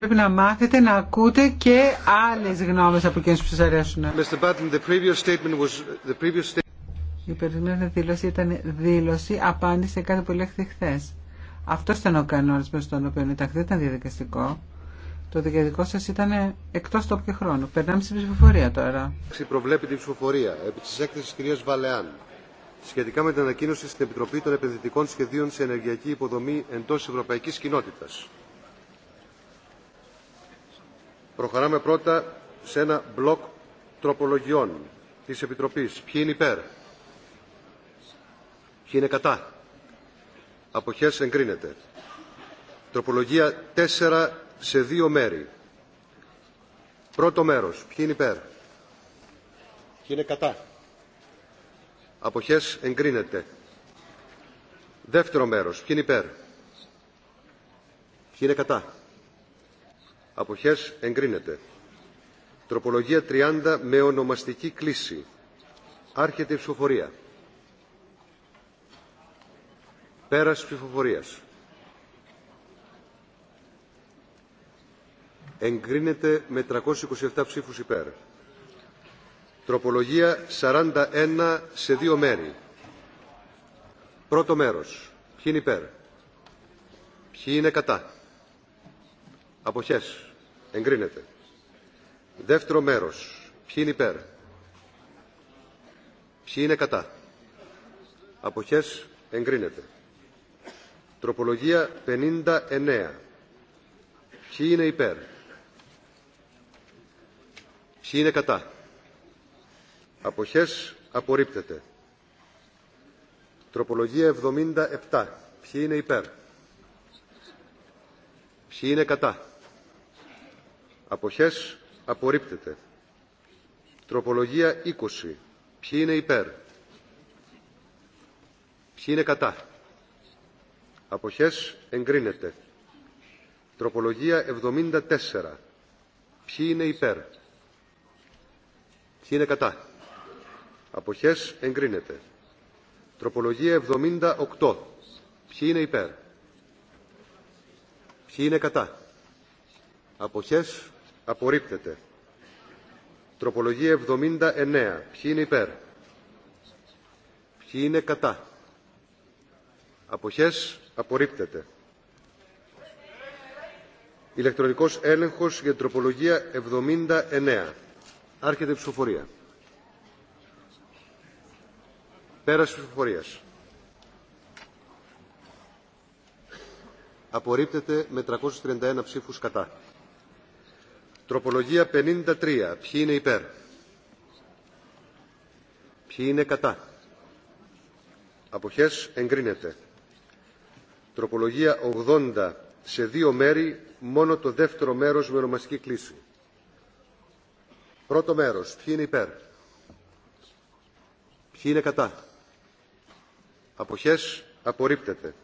Πρέπει να μάθετε να ακούτε και άλλες γνώμες από εκείνους που σας αρέσουν. Η περισσότερη δήλωση ήταν δήλωση απάντηση σε κάτι που λέγεται χθε. Αυτό ήταν ο κανόνα με τον οποίο εντάξει δεν ήταν διαδικαστικό. Το διαδικό σα ήταν εκτό τόπου και χρόνου. Περνάμε στην ψηφοφορία τώρα. Προβλέπει την ψηφοφορία επί τη έκθεση κυρία Βαλεάν σχετικά με την ανακοίνωση στην Επιτροπή των Επενδυτικών Σχεδίων σε Ενεργειακή Υποδομή εντό Ευρωπαϊκή Κοινότητα. Προχωράμε πρώτα σε ένα μπλοκ τροπολογιών της Επιτροπής. Ποιοι είναι υπέρ. Ποιοι είναι κατά. Αποχές εγκρίνεται. Τροπολογία 4 σε δύο μέρη. Πρώτο μέρος. Ποιοι είναι υπέρ. Ποιοι είναι κατά. Αποχές εγκρίνεται. Δεύτερο μέρος. Ποιοι είναι υπέρ. Ποιοι είναι κατά. Αποχές εγκρίνεται. Τροπολογία 30 με ονομαστική κλίση. Άρχεται η ψηφοφορία. Πέρας ψηφοφορίας. Εγκρίνεται με 327 ψήφους υπέρ. Τροπολογία 41 σε δύο μέρη. Πρώτο μέρος. Ποιοι είναι υπέρ. Ποιοι είναι κατά. Αποχές. Εγκρίνεται. Δεύτερο μέρος. Ποιοι είναι υπέρ. Ποιοι είναι κατά. Αποχές. Εγκρίνεται. Τροπολογία 59. Ποιοι είναι υπέρ. Ποιοι είναι κατά. Αποχές. Απορρίπτεται. Τροπολογία 77. Ποιοι είναι υπέρ. Ποιοι είναι κατά. Αποχές απορρίπτεται. Τροπολογία 20. Ποιοι είναι υπέρ. Ποιοι είναι κατά. Αποχές εγκρίνεται. Τροπολογία 74. Ποιοι είναι υπέρ. Ποιοι είναι κατά. Αποχές εγκρίνεται. Τροπολογία 78. Ποιοι είναι υπέρ. Ποιοι είναι κατά. Αποχές Απορρίπτεται. Τροπολογία 79. Ποιοι είναι υπέρ. Ποιοι είναι κατά. Αποχές. Απορρίπτεται. Ηλεκτρονικός έλεγχος για τροπολογία 79. Άρχεται η ψηφοφορία. Πέραση ψηφοφορίας. Απορρίπτεται με 331 ψήφους κατά. Τροπολογία 53. Ποιοι είναι υπέρ. Ποιοι είναι κατά. Αποχές εγκρίνεται. Τροπολογία 80. Σε δύο μέρη μόνο το δεύτερο μέρος με ονομαστική κλίση. Πρώτο μέρος. Ποιοι είναι υπέρ. Ποιοι είναι κατά. Αποχές απορρίπτεται.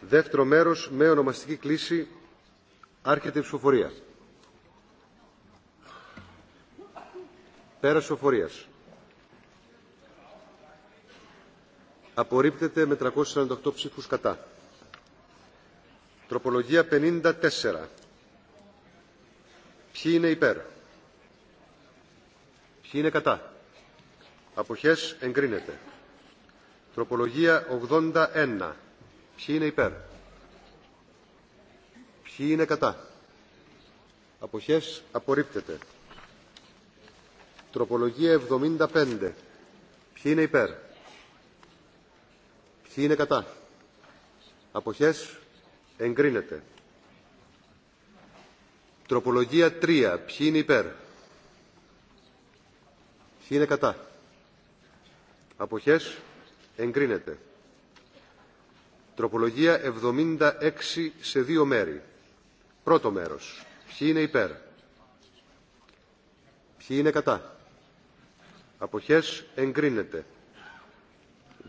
Δεύτερο μέρος με ονομαστική κλίση άρχεται η ψηφοφορία. Πέρας οφορίας. Απορρίπτεται με 348 ψήφους κατά. Τροπολογία 54. Ποιοι είναι υπέρ. Ποιοι είναι κατά. Αποχές εγκρίνεται. Τροπολογία 81. Ποιοι είναι υπέρ. Ποιοι είναι κατά. Αποχές απορρίπτεται. Τροπολογία 75. Ποιοι είναι υπέρ. Ποιοι είναι κατά. Αποχές. Εγκρίνεται. Τροπολογία 3. Ποιοι είναι υπέρ. Ποιοι είναι κατά. Αποχές. Εγκρίνεται. Τροπολογία 76 σε δύο μέρη. Πρώτο μέρος. Ποιοι είναι υπέρ. Ποιοι είναι κατά. Αποχές εγκρίνεται.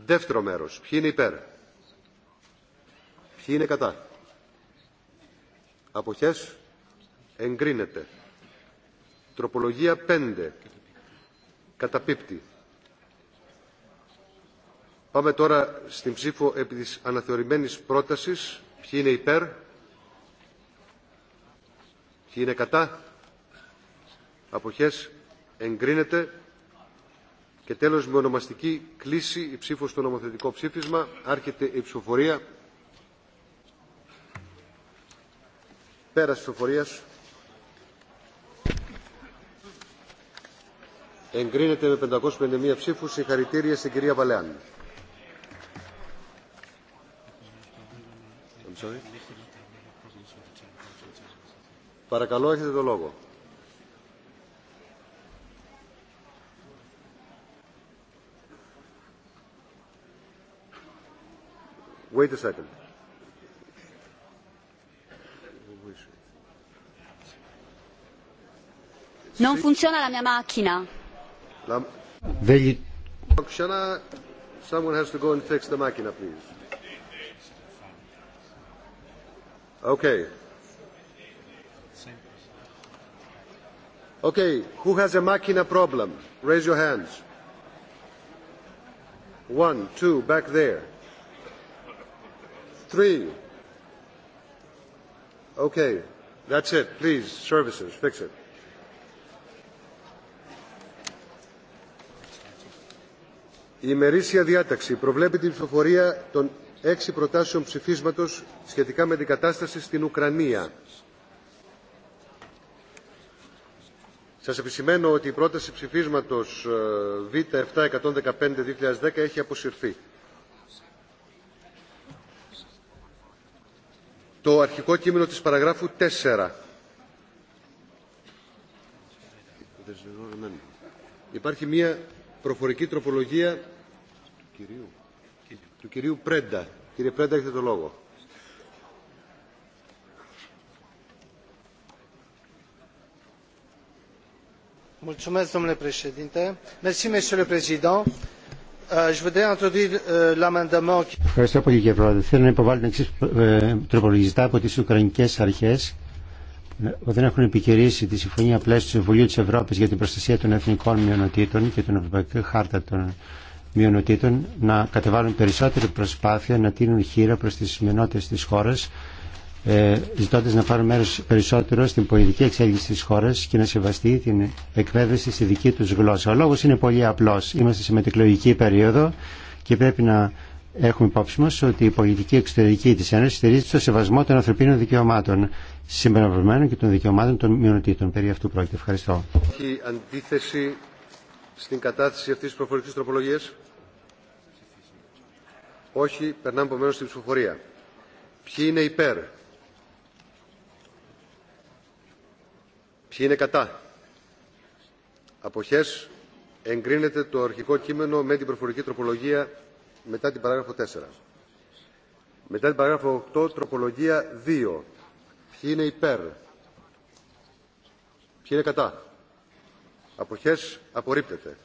Δεύτερο μέρος. Ποιοι είναι υπέρ. Ποιοι είναι κατά. Αποχές εγκρίνεται. Τροπολογία 5. Καταπίπτει. Πάμε τώρα στην ψήφο επί της αναθεωρημένης πρότασης. Ποιοι είναι υπέρ. Ποιοι είναι κατά. Αποχές εγκρίνεται και τέλος με ονομαστική κλίση η ψήφος στο νομοθετικό ψήφισμα. Άρχεται η ψηφοφορία. Πέρας ψηφοφορίας. Εγκρίνεται με 551 ψήφους. Συγχαρητήρια στην κυρία Βαλεάν. Παρακαλώ, έχετε το λόγο. Wait a second. Non funziona la mia macchina. someone has to go and fix the macchina, please. Okay. Okay, who has a macchina problem? Raise your hands. One, two, back there. Η ημερήσια διάταξη προβλέπει την ψηφοφορία των έξι προτάσεων ψηφίσματος σχετικά με την κατάσταση στην Ουκρανία. Σας επισημαίνω ότι η πρόταση ψηφίσματος ε, Β7-115-2010 έχει αποσυρθεί. το αρχικό κείμενο της παραγράφου 4. Υπάρχει μία προφορική τροπολογία κυρίου. του κυρίου Πρέντα. Κύριε Πρέντα, έχετε το λόγο. Mulțumesc, domnule președinte. Mersi, Euh, euh, Ευχαριστώ πολύ κύριε Πρόεδρε. Θέλω να υποβάλω την εξή ε, τροπολογιστά από τι Ουκρανικέ αρχέ που ε, δεν έχουν επικυρήσει τη Συμφωνία Πλαίσιο του Συμβουλίου τη Ευρώπη για την προστασία των εθνικών μειονοτήτων και των Ευρωπαϊκή Χάρτα των Μειονοτήτων να κατεβάλουν περισσότερη προσπάθεια να τίνουν χείρα προ τι μειονότητε τη χώρα ε, ζητώντας να πάρουν μέρο περισσότερο στην πολιτική εξέλιξη τη χώρα και να σεβαστεί την εκπαίδευση στη δική του γλώσσα. Ο λόγο είναι πολύ απλό. Είμαστε σε μετεκλογική περίοδο και πρέπει να έχουμε υπόψη μα ότι η πολιτική εξωτερική τη Ένωση στηρίζεται στο σεβασμό των ανθρωπίνων δικαιωμάτων συμπεριλαμβανομένων και των δικαιωμάτων των μειονοτήτων. Περί αυτού πρόκειται. Ευχαριστώ. Έχει αντίθεση στην κατάθεση αυτής της προφορικής τροπολογία. Όχι, περνάμε στην ψηφοφορία. Ποιοι είναι υπέρ. Ποιοι είναι κατά. Αποχές. Εγκρίνεται το αρχικό κείμενο με την προφορική τροπολογία μετά την παράγραφο 4. Μετά την παράγραφο 8, τροπολογία 2. Ποιοι είναι υπέρ. Ποιοι είναι κατά. Αποχές. Απορρίπτεται.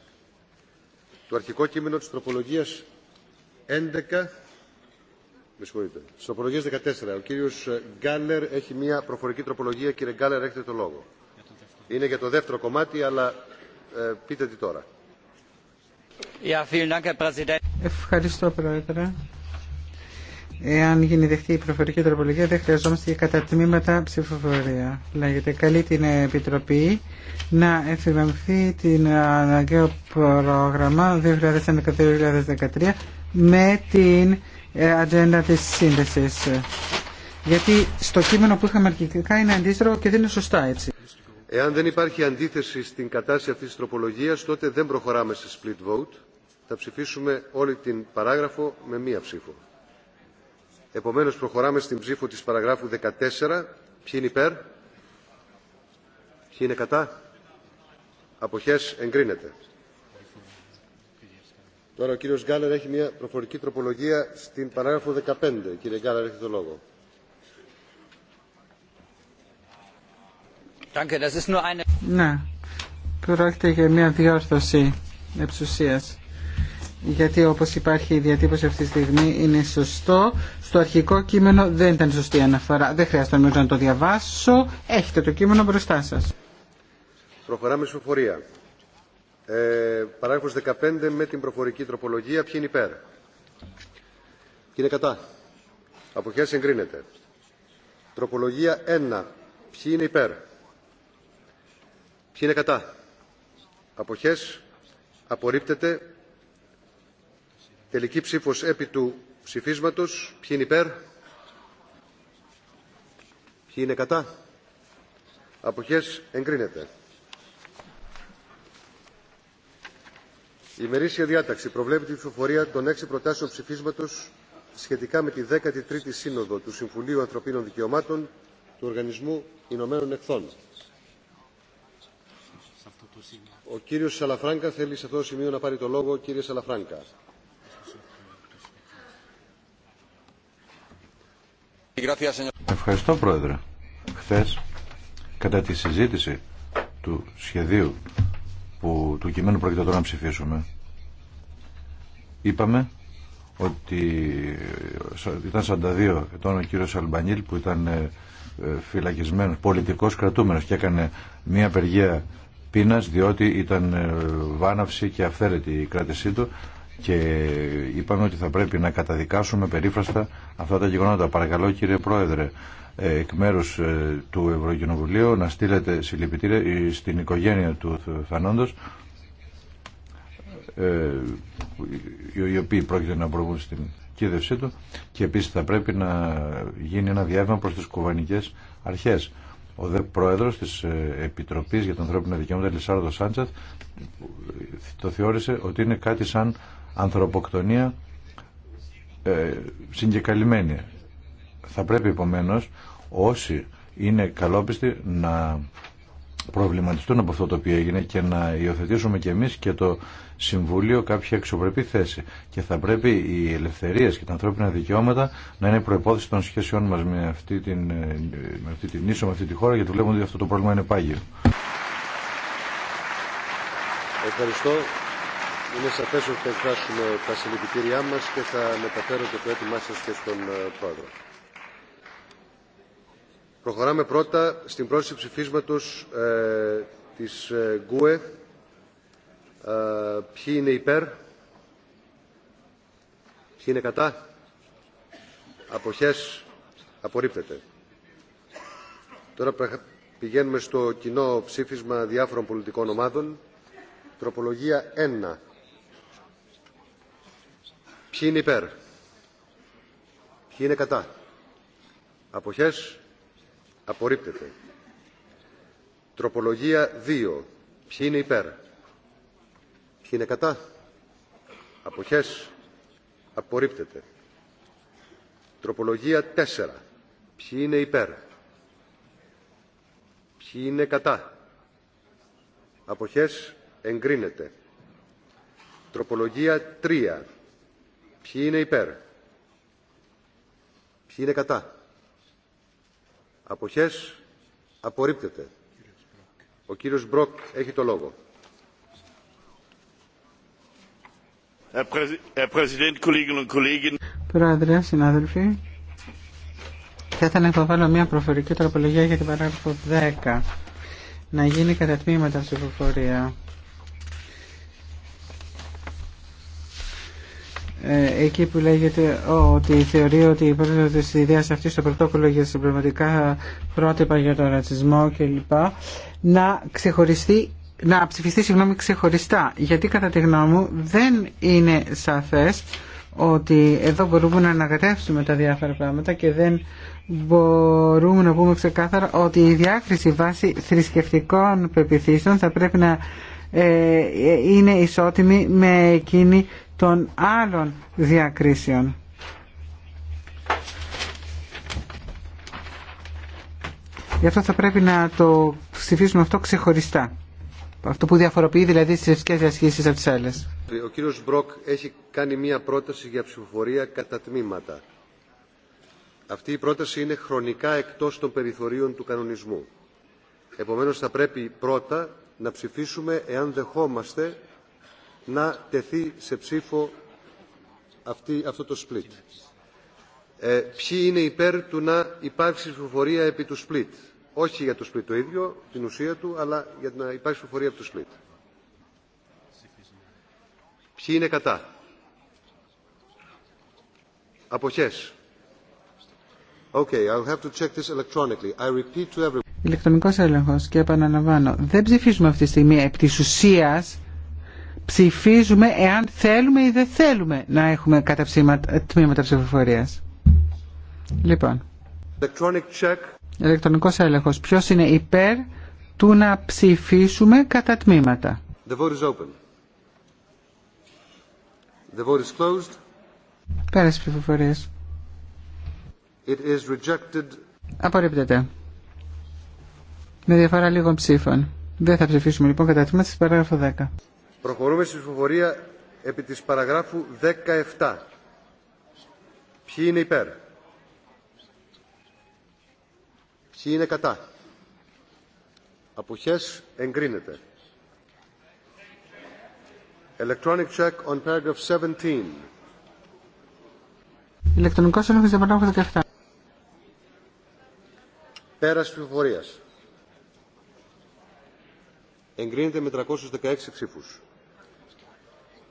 Το αρχικό κείμενο της τροπολογίας 11 με συγχωρείτε. Στο 14. Ο κύριος Γκάλερ έχει μια προφορική τροπολογία. Κύριε Γκάλερ, έχετε το λόγο. Είναι για το δεύτερο κομμάτι, αλλά ε, πείτε τι τώρα. Ευχαριστώ, Πρόεδρε. Εάν γίνει δεχτή η προφορική τροπολογία, δεν χρειαζόμαστε κατά τμήματα ψηφοφορία. Λέγεται, καλή την Επιτροπή να εφημεθεί την αναγκαίο πρόγραμμα 2011-2013 με την ε, ατζέντα της σύνδεσης. Γιατί στο κείμενο που είχαμε αρχικά είναι αντίστροφο και δεν είναι σωστά έτσι. Εάν δεν υπάρχει αντίθεση στην κατάσταση αυτής της τροπολογίας, τότε δεν προχωράμε σε split vote. Θα ψηφίσουμε όλη την παράγραφο με μία ψήφο. Επομένως, προχωράμε στην ψήφο της παραγράφου 14. Ποιοι είναι υπέρ? Ποιοι είναι κατά? Αποχές εγκρίνεται. Τώρα ο κύριος Γκάλερ έχει μια προφορική τροπολογία στην παράγραφο 15. Κύριε Γκάλερ, έχετε το λόγο. Ναι, πρόκειται για μια διόρθωση εξουσία. Γιατί όπως υπάρχει η διατύπωση αυτή τη στιγμή είναι σωστό. Στο αρχικό κείμενο δεν ήταν σωστή αναφορά. Δεν χρειάζεται να το διαβάσω. Έχετε το κείμενο μπροστά σας. Προχωράμε στη ψηφοφορία. Ε, παράγραφος 15 με την προφορική τροπολογία. Ποιοι είναι υπέρ. Ποιοι είναι κατά. Αποχέ εγκρίνεται. Τροπολογία 1. Ποιοι είναι υπέρ. Ποιοι είναι κατά. Αποχές. Απορρίπτεται. Τελική ψήφος επί του ψηφίσματος. Ποιοι είναι υπέρ. Ποιοι είναι κατά. Αποχές. Εγκρίνεται. Η ημερήσια διάταξη προβλέπει την ψηφοφορία των έξι προτάσεων ψηφίσματος σχετικά με τη 13η Σύνοδο του Συμφουλίου Ανθρωπίνων Δικαιωμάτων του Οργανισμού Ηνωμένων Εχθών. Ο κύριος Σαλαφράγκα θέλει σε αυτό το σημείο να πάρει το λόγο. Κύριε Σαλαφράγκα. Ευχαριστώ Πρόεδρε. Χθες κατά τη συζήτηση του σχεδίου που του κειμένου πρόκειται τώρα να ψηφίσουμε είπαμε ότι ήταν 42 ετών ο κύριος Αλμπανίλ που ήταν ε, ε, φυλακισμένος, πολιτικός κρατούμενος και έκανε μια απεργία πείνας διότι ήταν ε, βάναυση και αυθαίρετη η κράτησή του και είπαμε ότι θα πρέπει να καταδικάσουμε περίφραστα αυτά τα γεγονότα. Παρακαλώ κύριε Πρόεδρε, ε, εκ μέρους ε, του Ευρωκοινοβουλίου να στείλετε συλληπιτήρια στην οικογένεια του Θανόντος οι οποίοι πρόκειται να προβούν στην κίδευσή του και επίσης θα πρέπει να γίνει ένα διάβημα προς τις κουβανικές αρχές ο δε πρόεδρος της ε, Επιτροπής για τα ανθρώπινα δικαιώματα Λισάρδο Σάντσαθ το θεώρησε ότι είναι κάτι σαν ανθρωποκτονία ε, Θα πρέπει επομένως όσοι είναι καλόπιστοι να προβληματιστούν από αυτό το οποίο έγινε και να υιοθετήσουμε και εμείς και το Συμβούλιο κάποια εξωπρεπή θέση. Και θα πρέπει οι ελευθερίες και τα ανθρώπινα δικαιώματα να είναι προπόθεση των σχέσεών μας με αυτή την, ε, με αυτή την με αυτή τη χώρα, γιατί βλέπουμε ότι αυτό το πρόβλημα είναι πάγιο. Ευχαριστώ. Είναι σαφές ότι θα εκφράσουμε τα συλληπιτήριά μας και θα μεταφέρω το έτοιμά σας και στον ε, Πρόεδρο. Προχωράμε πρώτα στην πρόσθεση ψηφίσματος ε, της ε, ΓΚΟΕ. Ε, ποιοι είναι υπέρ, ποιοι είναι κατά, αποχές, απορρίπτεται. Τώρα πηγαίνουμε στο κοινό ψήφισμα διάφορων πολιτικών ομάδων. Τροπολογία 1. Ποιοι είναι υπέρ, ποιοι είναι κατά, αποχές, Απορρίπτεται. Τροπολογία 2. Ποιοι είναι υπέρ. Ποιοι είναι κατά. Αποχές. Απορρίπτεται. Τροπολογία 4. Ποιοι είναι υπέρ. Ποιοι είναι κατά. Αποχές. Εγκρίνεται. Τροπολογία 3. Ποιοι είναι υπέρ. Ποιοι είναι κατά. Αποχές. Απορρίπτεται. Ο κύριος Μπροκ έχει το λόγο. Πρόεδρε, συνάδελφοι, θα ήθελα να υποβάλω μια προφορική τροπολογία για την παράγραφο 10. Να γίνει κατά τμήματα ψηφοφορία. Ε, εκεί που λέγεται ότι θεωρεί ότι η πρόεδρο τη ιδέα αυτής στο πρωτόκολλο για συμπληρωματικά πρότυπα για τον ρατσισμό κλπ. να ξεχωριστεί να ψηφιστεί συγγνώμη ξεχωριστά γιατί κατά τη γνώμη μου δεν είναι σαφές ότι εδώ μπορούμε να ανακατεύσουμε τα διάφορα πράγματα και δεν μπορούμε να πούμε ξεκάθαρα ότι η διάκριση βάσει θρησκευτικών πεπιθήσεων θα πρέπει να ε, ε, είναι ισότιμη με εκείνη των άλλων διακρίσεων. Γι' αυτό θα πρέπει να το ψηφίσουμε αυτό ξεχωριστά. Αυτό που διαφοροποιεί δηλαδή τι θρησκευτικέ διασχίσει από τι άλλε. Ο κύριο Μπροκ έχει κάνει μία πρόταση για ψηφοφορία κατά τμήματα. Αυτή η πρόταση είναι χρονικά εκτός των περιθωρίων του κανονισμού. Επομένως θα πρέπει πρώτα να ψηφίσουμε εάν δεχόμαστε να τεθεί σε ψήφο αυτή, αυτό το split. Ε, ποιοι είναι υπέρ του να υπάρξει ψηφοφορία επί του split. Όχι για το split το ίδιο, την ουσία του, αλλά για να υπάρξει ψηφοφορία επί του split. Ποιοι είναι κατά. Αποχές. Okay, I'll have to check this electronically. I repeat to everyone. Ηλεκτρονικός έλεγχος και επαναλαμβάνω. Δεν ψηφίζουμε αυτή τη στιγμή επί της ουσίας ψηφίζουμε εάν θέλουμε ή δεν θέλουμε να έχουμε καταψήματα, τμήματα ψηφοφορίας. Λοιπόν, Electronic check. ηλεκτρονικός έλεγχος. Ποιος είναι υπέρ του να ψηφίσουμε κατά τμήματα. The vote is open. The vote is closed. Πέρασε ψηφοφορίες. It is rejected. Απορρίπτεται. Με διαφορά λίγων ψήφων. Δεν θα ψηφίσουμε λοιπόν κατά τμήματα της παράγραφο 10. Προχωρούμε στη ψηφοφορία επί της παραγράφου 17. Ποιοι είναι υπέρ. Ποιοι είναι κατά. Αποχές εγκρίνεται. Electronic check on paragraph 17. Ηλεκτρονικός έλεγχος για παράγραφο 17. Πέρας ψηφοφορίας. Εγκρίνεται με 316 ψήφους.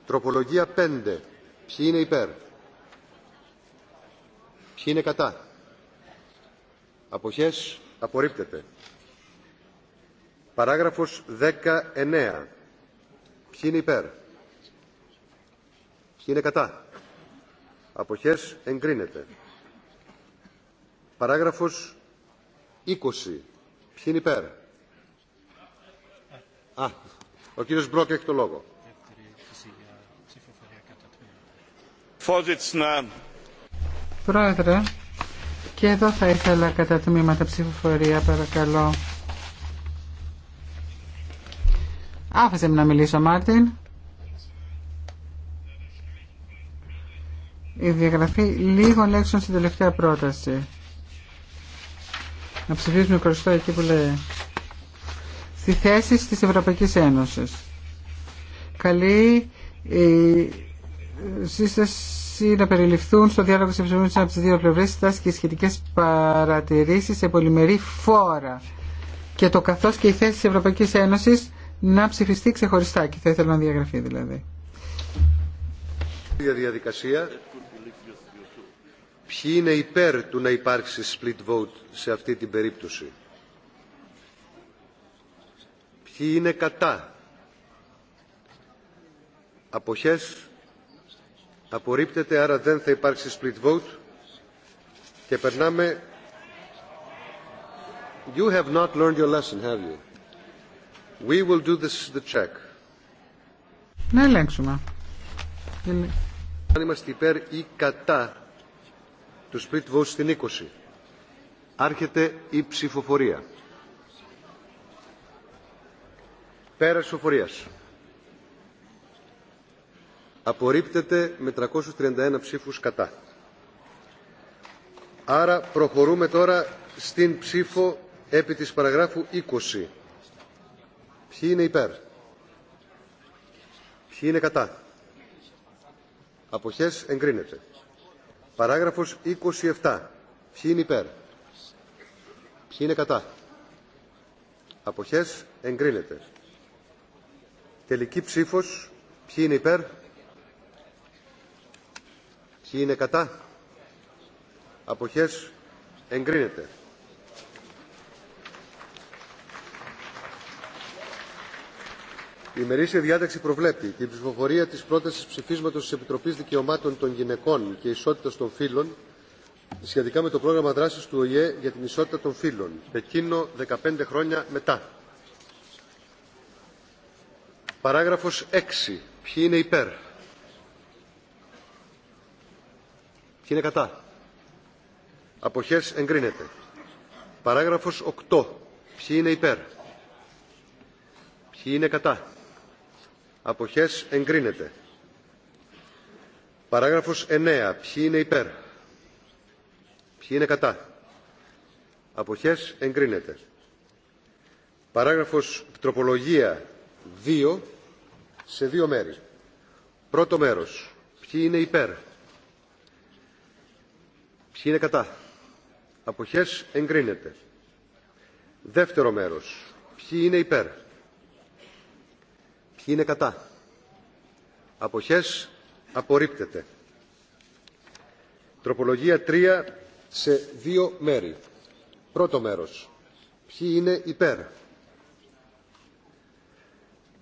Τροπολογία 5. Ποιοι είναι υπέρ. Ποιοι είναι κατά. Αποχές απορρίπτεται. Παράγραφος 19. Ποιοι είναι υπέρ. Ποιοι είναι κατά. Αποχές εγκρίνεται. Παράγραφος 20. Ποιοι είναι υπέρ. Α, ο κύριος Μπρόκ έχει το λόγο. Πρόεδρε, και εδώ θα ήθελα κατά τμήματα ψηφοφορία, παρακαλώ. Άφησε με να μιλήσω, Μάρτιν. Η διαγραφή λίγων λέξεων στην τελευταία πρόταση. Να ψηφίσουμε κρουστό εκεί που λέει. Στη θέση της Ευρωπαϊκής Ένωσης. Καλή η σύσταση να περιληφθούν στο διάλογο της επιστημονίας από τις δύο πλευρές και σχετικές παρατηρήσεις σε πολυμερή φόρα και το καθώς και η θέση της Ευρωπαϊκής Ένωσης να ψηφιστεί ξεχωριστά και θα ήθελα να διαγραφεί δηλαδή. Για διαδικασία, ποιοι είναι υπέρ του να υπάρξει split vote σε αυτή την περίπτωση. Ποιοι είναι κατά. Αποχές Απορρίπτεται, άρα δεν θα υπάρξει split vote. Και περνάμε... You have not learned your lesson, have you? We will do this the check. Να ελέγξουμε. Αν είμαστε υπέρ ή κατά του split vote στην 20, άρχεται η ψηφοφορία. Πέρα ψηφοφορίας απορρίπτεται με 331 ψήφους κατά. Άρα προχωρούμε τώρα στην ψήφο επί της παραγράφου 20. Ποιοι είναι υπέρ. Ποιοι είναι κατά. Αποχές εγκρίνεται. Παράγραφος 27. Ποιοι είναι υπέρ. Ποιοι είναι κατά. Αποχές εγκρίνεται. Τελική ψήφος. Ποιοι είναι υπέρ. Ποιοι είναι κατά. Αποχές εγκρίνεται. Η ημερήσια διάταξη προβλέπει την ψηφοφορία της πρότασης ψηφίσματος της Επιτροπής Δικαιωμάτων των Γυναικών και Ισότητας των Φύλων σχετικά με το πρόγραμμα δράσης του ΟΗΕ για την ισότητα των φύλων. Πεκίνο 15 χρόνια μετά. Παράγραφος 6. Ποιοι είναι υπέρ. Ποιοι είναι κατά. Αποχές εγκρίνεται. Παράγραφος 8. Ποιοι είναι υπέρ. Ποιοι είναι κατά. Αποχές εγκρίνεται. Παράγραφος 9. Ποιοι είναι υπέρ. Ποιοι είναι κατά. Αποχές εγκρίνεται. Παράγραφος τροπολογία 2 σε δύο μέρη. Πρώτο μέρος. Ποιοι είναι υπέρ. Ποιοι είναι κατά. Αποχές εγκρίνεται. Δεύτερο μέρος. Ποιοι είναι υπέρ. Ποιοι είναι κατά. Αποχές απορρίπτεται. Τροπολογία 3 σε δύο μέρη. Πρώτο μέρος. Ποιοι είναι υπέρ.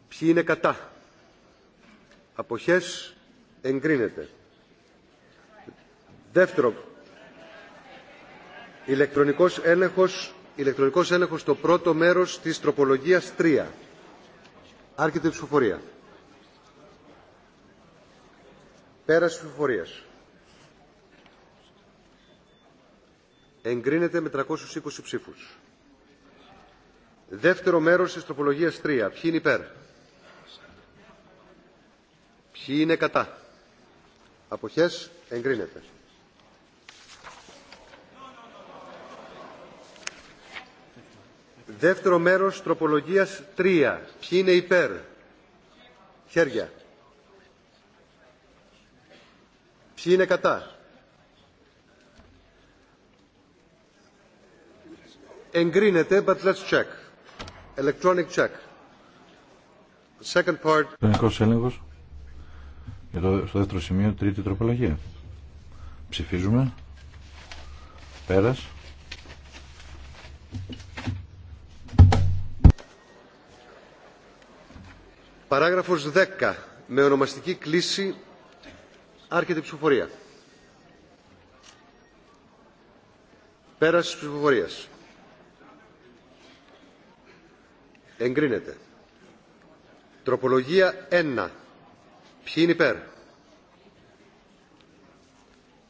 Ποιοι είναι κατά. Αποχές εγκρίνεται. Δεύτερο Ηλεκτρονικός έλεγχος, ηλεκτρονικός έλεγχος το πρώτο μέρος της τροπολογίας 3. Άρχεται η ψηφοφορία. Πέραση της ψηφοφορίας. Εγκρίνεται με 320 ψήφους. Δεύτερο μέρος της τροπολογίας 3. Ποιοι είναι υπέρ. Ποιοι είναι κατά. Αποχές εγκρίνεται. Δεύτερο μέρος τροπολογίας 3. Ποιοι είναι υπέρ. Χέρια. Ποιοι είναι κατά. Εγκρίνεται, but let's check. Electronic check. Second part. έλεγχος. στο δεύτερο σημείο, τρίτη τροπολογία. Ψηφίζουμε. Πέρας. Παράγραφος 10. Με ονομαστική κλίση άρχεται η ψηφοφορία. Πέραση ψηφοφορίας. Εγκρίνεται. Τροπολογία 1. Ποιοι είναι υπέρ.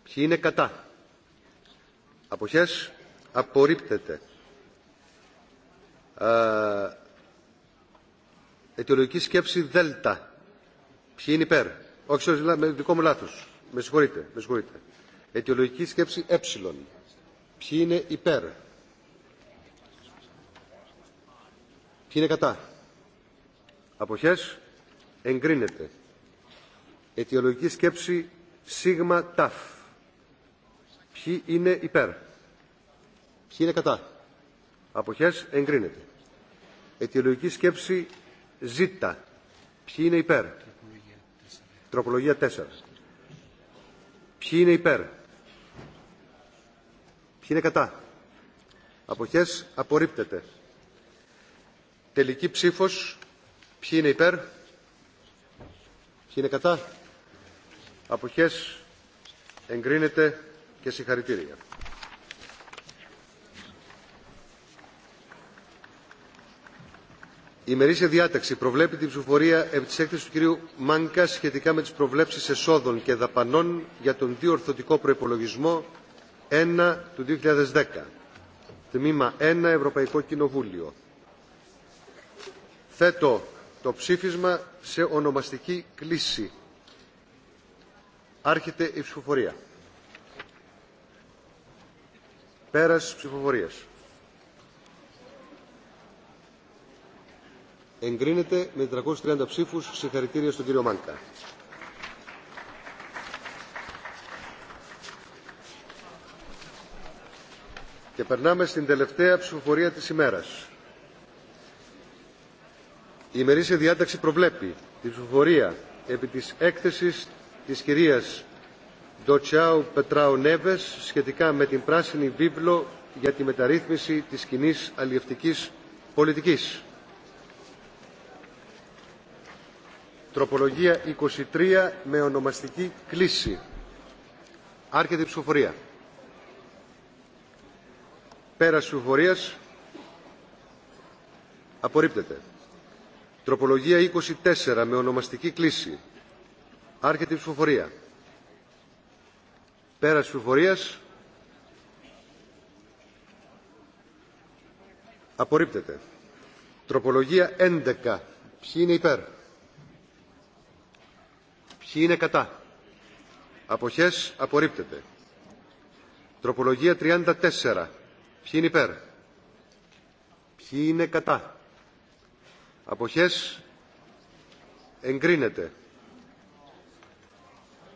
Ποιοι είναι κατά. Αποχές. Απορρίπτεται. Ε, αιτιολογική σκέψη ΔΕΛΤΑ. Ποιοι είναι υπέρ. Όχι, σωρίς, με δικό μου λάθο. Με συγχωρείτε, με συγχωρείτε. Αιτιολογική σκέψη ε. Ποιοι είναι υπέρ. Ποιοι είναι κατά. Αποχές. Εγκρίνεται. Αιτιολογική σκέψη σίγμα ταφ. Ποιοι είναι υπέρ. Ποιοι είναι κατά. Αποχές εγκρίνεται. Αιτιολογική σκέψη Ζήτα, Ποιοι είναι υπέρ. Τροπολογία 4. Ποιοι είναι υπέρ. Ποιοι είναι κατά. Αποχές απορρίπτεται. Τελική ψήφος. Ποιοι είναι υπέρ. Ποιοι είναι κατά. Αποχές εγκρίνεται και συγχαρητήρια. Η ημερήσια διάταξη προβλέπει την ψηφοφορία επί της έκθεσης του κυρίου Μάνκα σχετικά με τις προβλέψεις εσόδων και δαπανών για τον διορθωτικό προϋπολογισμό 1 του 2010. Τμήμα 1 Ευρωπαϊκό Κοινοβούλιο. Θέτω το ψήφισμα σε ονομαστική κλίση. Άρχεται η ψηφοφορία. Πέρας ψηφοφορίας. Εγκρίνεται με 330 ψήφους. Συγχαρητήρια στον κύριο Μάνκα. Και περνάμε στην τελευταία ψηφοφορία της ημέρας. Η ημερήσια διάταξη προβλέπει την ψηφοφορία επί της έκθεσης της κυρίας Ντότσιαου Πετράου Νέβες σχετικά με την πράσινη βίβλο για τη μεταρρύθμιση της κοινή αλλιευτικής πολιτικής. Τροπολογία 23 με ονομαστική κλίση. Άρχεται η ψηφοφορία. Πέρας ψηφοφορίας. Απορρίπτεται. Τροπολογία 24 με ονομαστική κλίση. Άρχεται η ψηφοφορία. Πέρας ψηφοφορίας. Απορρίπτεται. Τροπολογία 11. Ποιοι είναι υπέρ. Ποιοι είναι κατά. Αποχές απορρίπτεται. Τροπολογία 34. Ποιοι είναι υπέρ. Ποιοι είναι κατά. Αποχές εγκρίνεται.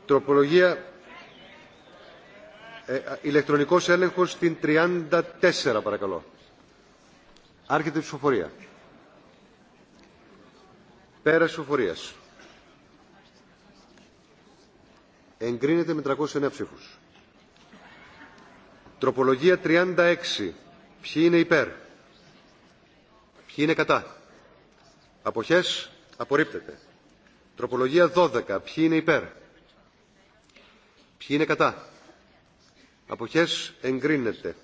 Τροπολογία ε, ηλεκτρονικός έλεγχος στην 34 παρακαλώ. Άρχεται η ψηφοφορία. Πέρα ψηφοφορίας. εγκρίνεται με 309 ψήφους. Τροπολογία 36. Ποιοι είναι υπέρ. Ποιοι είναι κατά. Αποχές. Απορρίπτεται. Τροπολογία 12. Ποιοι είναι υπέρ. Ποιοι είναι κατά. Αποχές. Εγκρίνεται.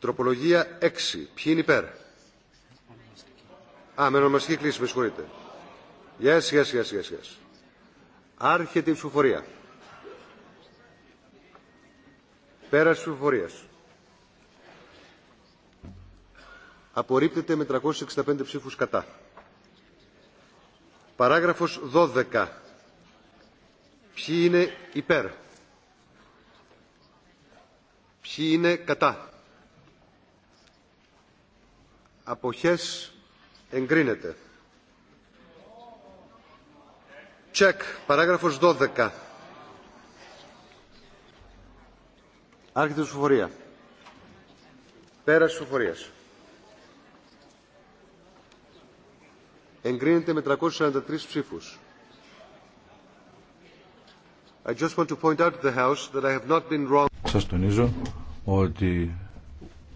Τροπολογία 6. Ποιοι είναι υπέρ. Α, με ονομαστική κλίση, με συγχωρείτε. Yes, yes, yes, yes, yes. Άρχεται η ψηφοφορία. Πέρας ψηφοφορία. Απορρίπτεται με 365 ψήφους κατά. Παράγραφος 12. Ποιοι είναι υπέρ. Ποιοι είναι κατά. Αποχές εγκρίνεται. Τσεκ, παράγραφος 12. Άρχεται ψηφοφορία. Πέρας Εγκρίνεται με 343 ψήφους. I just want to point out to the House that I have not been wrong. Σας τονίζω ότι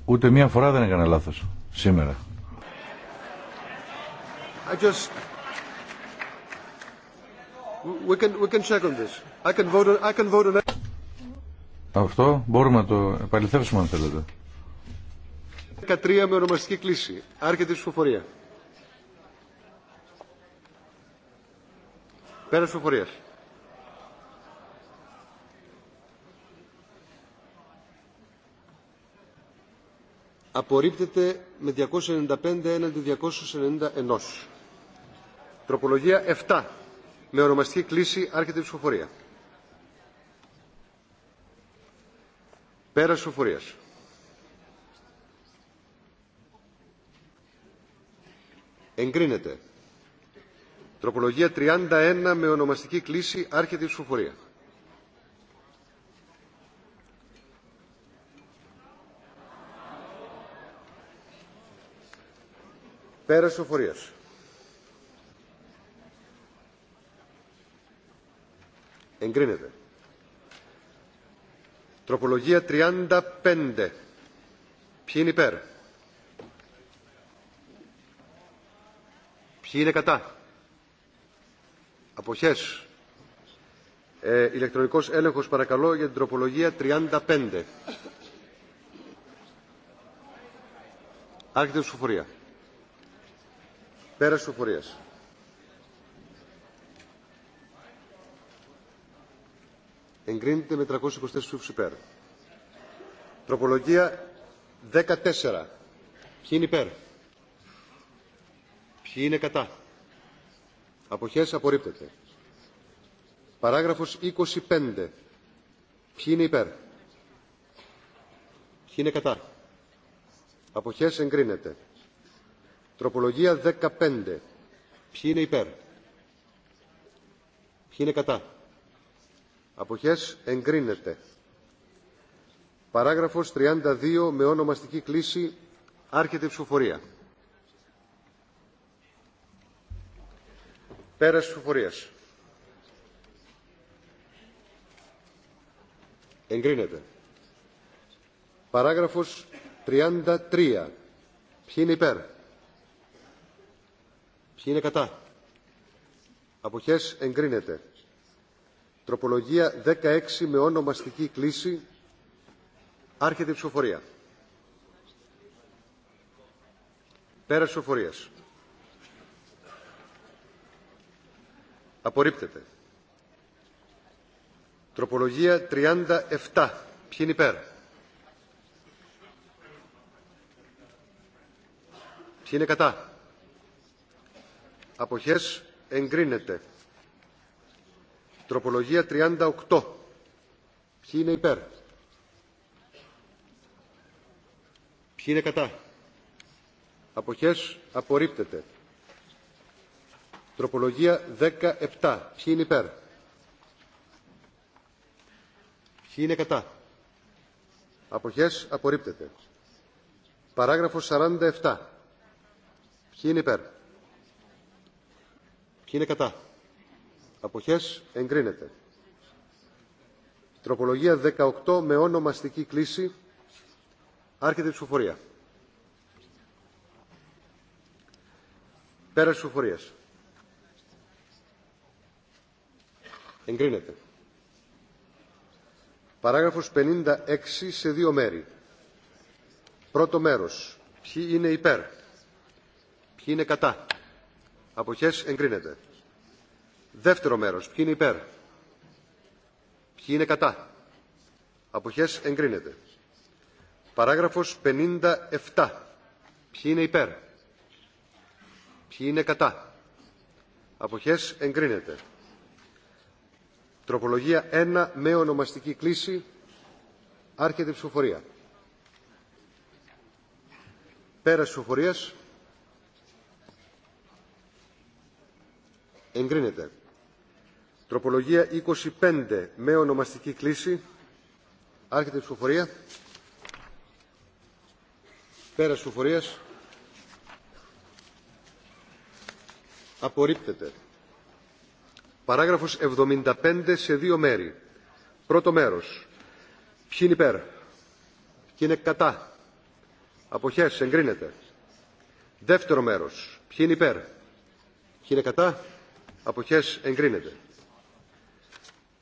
ούτε μία φορά δεν έκανα λάθος σήμερα. I just We can, we can check on this. I can vote I can vote on... Αυτό μπορούμε να το επαληθεύσουμε αν θέλετε. 13 με ονομαστική κλίση. Άρχεται η ψηφοφορία. Πέρα ψηφοφορία. Απορρίπτεται με 295 έναντι 291. Τροπολογία 7. Με ονομαστική κλίση άρχεται η ψηφοφορία. Πέρα ψηφοφορίας. Εγκρίνεται. Τροπολογία 31 με ονομαστική κλίση άρχεται η ψηφοφορία. Πέρα ψηφοφορίας. εγκρίνεται τροπολογία 35 ποιοι είναι υπέρ ποιοι είναι κατά αποχές ε, ηλεκτρονικός έλεγχος παρακαλώ για την τροπολογία 35 άρχεται ψηφοφορία Πέρα σωφορίας. Εγκρίνεται με 324 ψήφους υπέρ. Τροπολογία 14. Ποιοι είναι υπέρ. Ποιοι είναι κατά. Αποχές απορρίπτεται. Παράγραφος 25. Ποιοι είναι υπέρ. Ποιοι είναι κατά. Αποχές εγκρίνεται. Τροπολογία 15. Ποιοι είναι υπέρ. Ποιοι είναι κατά. Αποχές εγκρίνεται. Παράγραφος 32 με ονομαστική κλίση άρχεται η ψηφοφορία. Πέρας ψηφοφορίας. Εγκρίνεται. Παράγραφος 33. Ποιοι είναι υπέρ. Ποιοι είναι κατά. Αποχές εγκρίνεται. Τροπολογία 16 με ονομαστική κλίση. Άρχεται η ψηφοφορία. Πέρα ψηφοφορίας. Απορρίπτεται. Τροπολογία 37. Ποιοι είναι πέρα. Ποιοι είναι κατά. Αποχές εγκρίνεται. Τροπολογία 38. Ποιοι είναι υπέρ. Ποιοι είναι κατά. Αποχές απορρίπτεται. Τροπολογία 17. Ποιοι είναι υπέρ. Ποιοι είναι κατά. Αποχές απορρίπτεται. Παράγραφος 47. Ποιοι είναι υπέρ. Ποιοι είναι κατά. Αποχές εγκρίνεται. Τροπολογία 18 με ονομαστική κλίση. Άρχεται η ψηφοφορία. Πέρας ψηφοφορίας. Εγκρίνεται. Παράγραφος 56 σε δύο μέρη. Πρώτο μέρος. Ποιοι είναι υπέρ. Ποιοι είναι κατά. Αποχές εγκρίνεται. Δεύτερο μέρος. Ποιοι είναι υπέρ. Ποιοι είναι κατά. Αποχές εγκρίνεται. Παράγραφος 57. Ποιοι είναι υπέρ. Ποιοι είναι κατά. Αποχές εγκρίνεται. Τροπολογία 1 με ονομαστική κλίση. Άρχεται η ψηφοφορία. πέρα ψηφοφορίας. Εγκρίνεται. Τροπολογία 25 με ονομαστική κλίση. Άρχεται η ψηφοφορία. Πέρα ψηφοφορία. Απορρίπτεται. Παράγραφος 75 σε δύο μέρη. Πρώτο μέρος. Ποιοι είναι υπέρ. Ποιοι είναι κατά. Αποχές. Εγκρίνεται. Δεύτερο μέρος. Ποιοι είναι υπέρ. Ποιοι είναι κατά. Αποχές. Εγκρίνεται.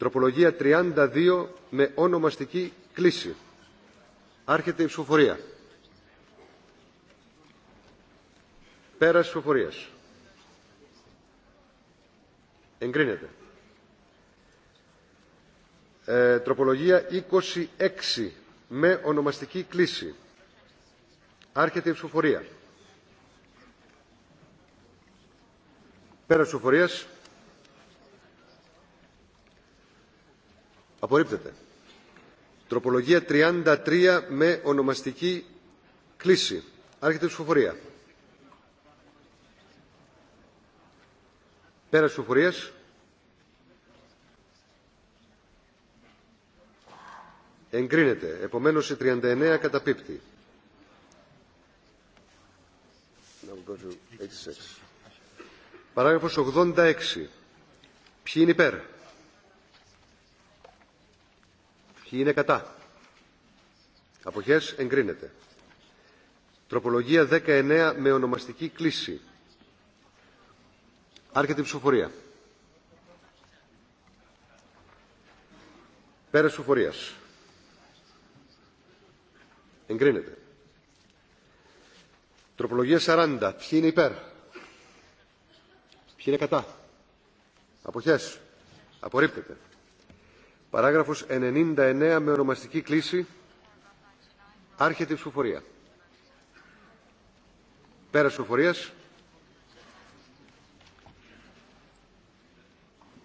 Τροπολογία 32 με ονομαστική κλίση. Άρχεται η ψηφοφορία. Πέρας ψηφοφορίας. Εγκρίνεται. Ε, τροπολογία 26 με ονομαστική κλίση. Άρχεται η ψηφοφορία. Πέρας ψηφοφορίας. Απορρίπτεται. Τροπολογία 33 με ονομαστική κλίση. Άρχεται η ψηφοφορία. Πέρα της Εγκρίνεται. Επομένως η 39 καταπίπτει. Παράγραφος 86. Ποιοι είναι υπέρ. Ποιοι είναι κατά. Αποχές εγκρίνεται. Τροπολογία 19 με ονομαστική κλίση. Άρχεται η ψηφοφορία. Πέρας ψηφοφορίας. Εγκρίνεται. Τροπολογία 40. Ποιοι είναι υπέρ. Ποιοι είναι κατά. Αποχές. Απορρίπτεται. Παράγραφος 99 με ονομαστική κλίση. Άρχεται η ψηφοφορία. Πέρας ψηφοφορίας.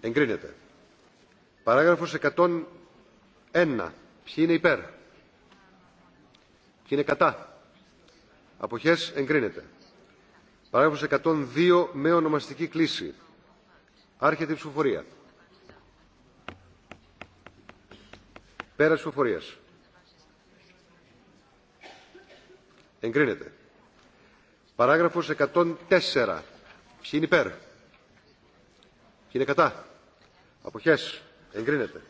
Εγκρίνεται. Παράγραφος 101. Ποιοι είναι υπέρ. Ποιοι είναι κατά. Αποχές εγκρίνεται. Παράγραφος 102 με ονομαστική κλίση. Άρχεται η ψηφοφορία. Πέρας ψηφοφορίας. Εγκρίνεται. Παράγραφος 104. Ποιοι είναι υπέρ. Ποιοι είναι κατά. Αποχές. Εγκρίνεται.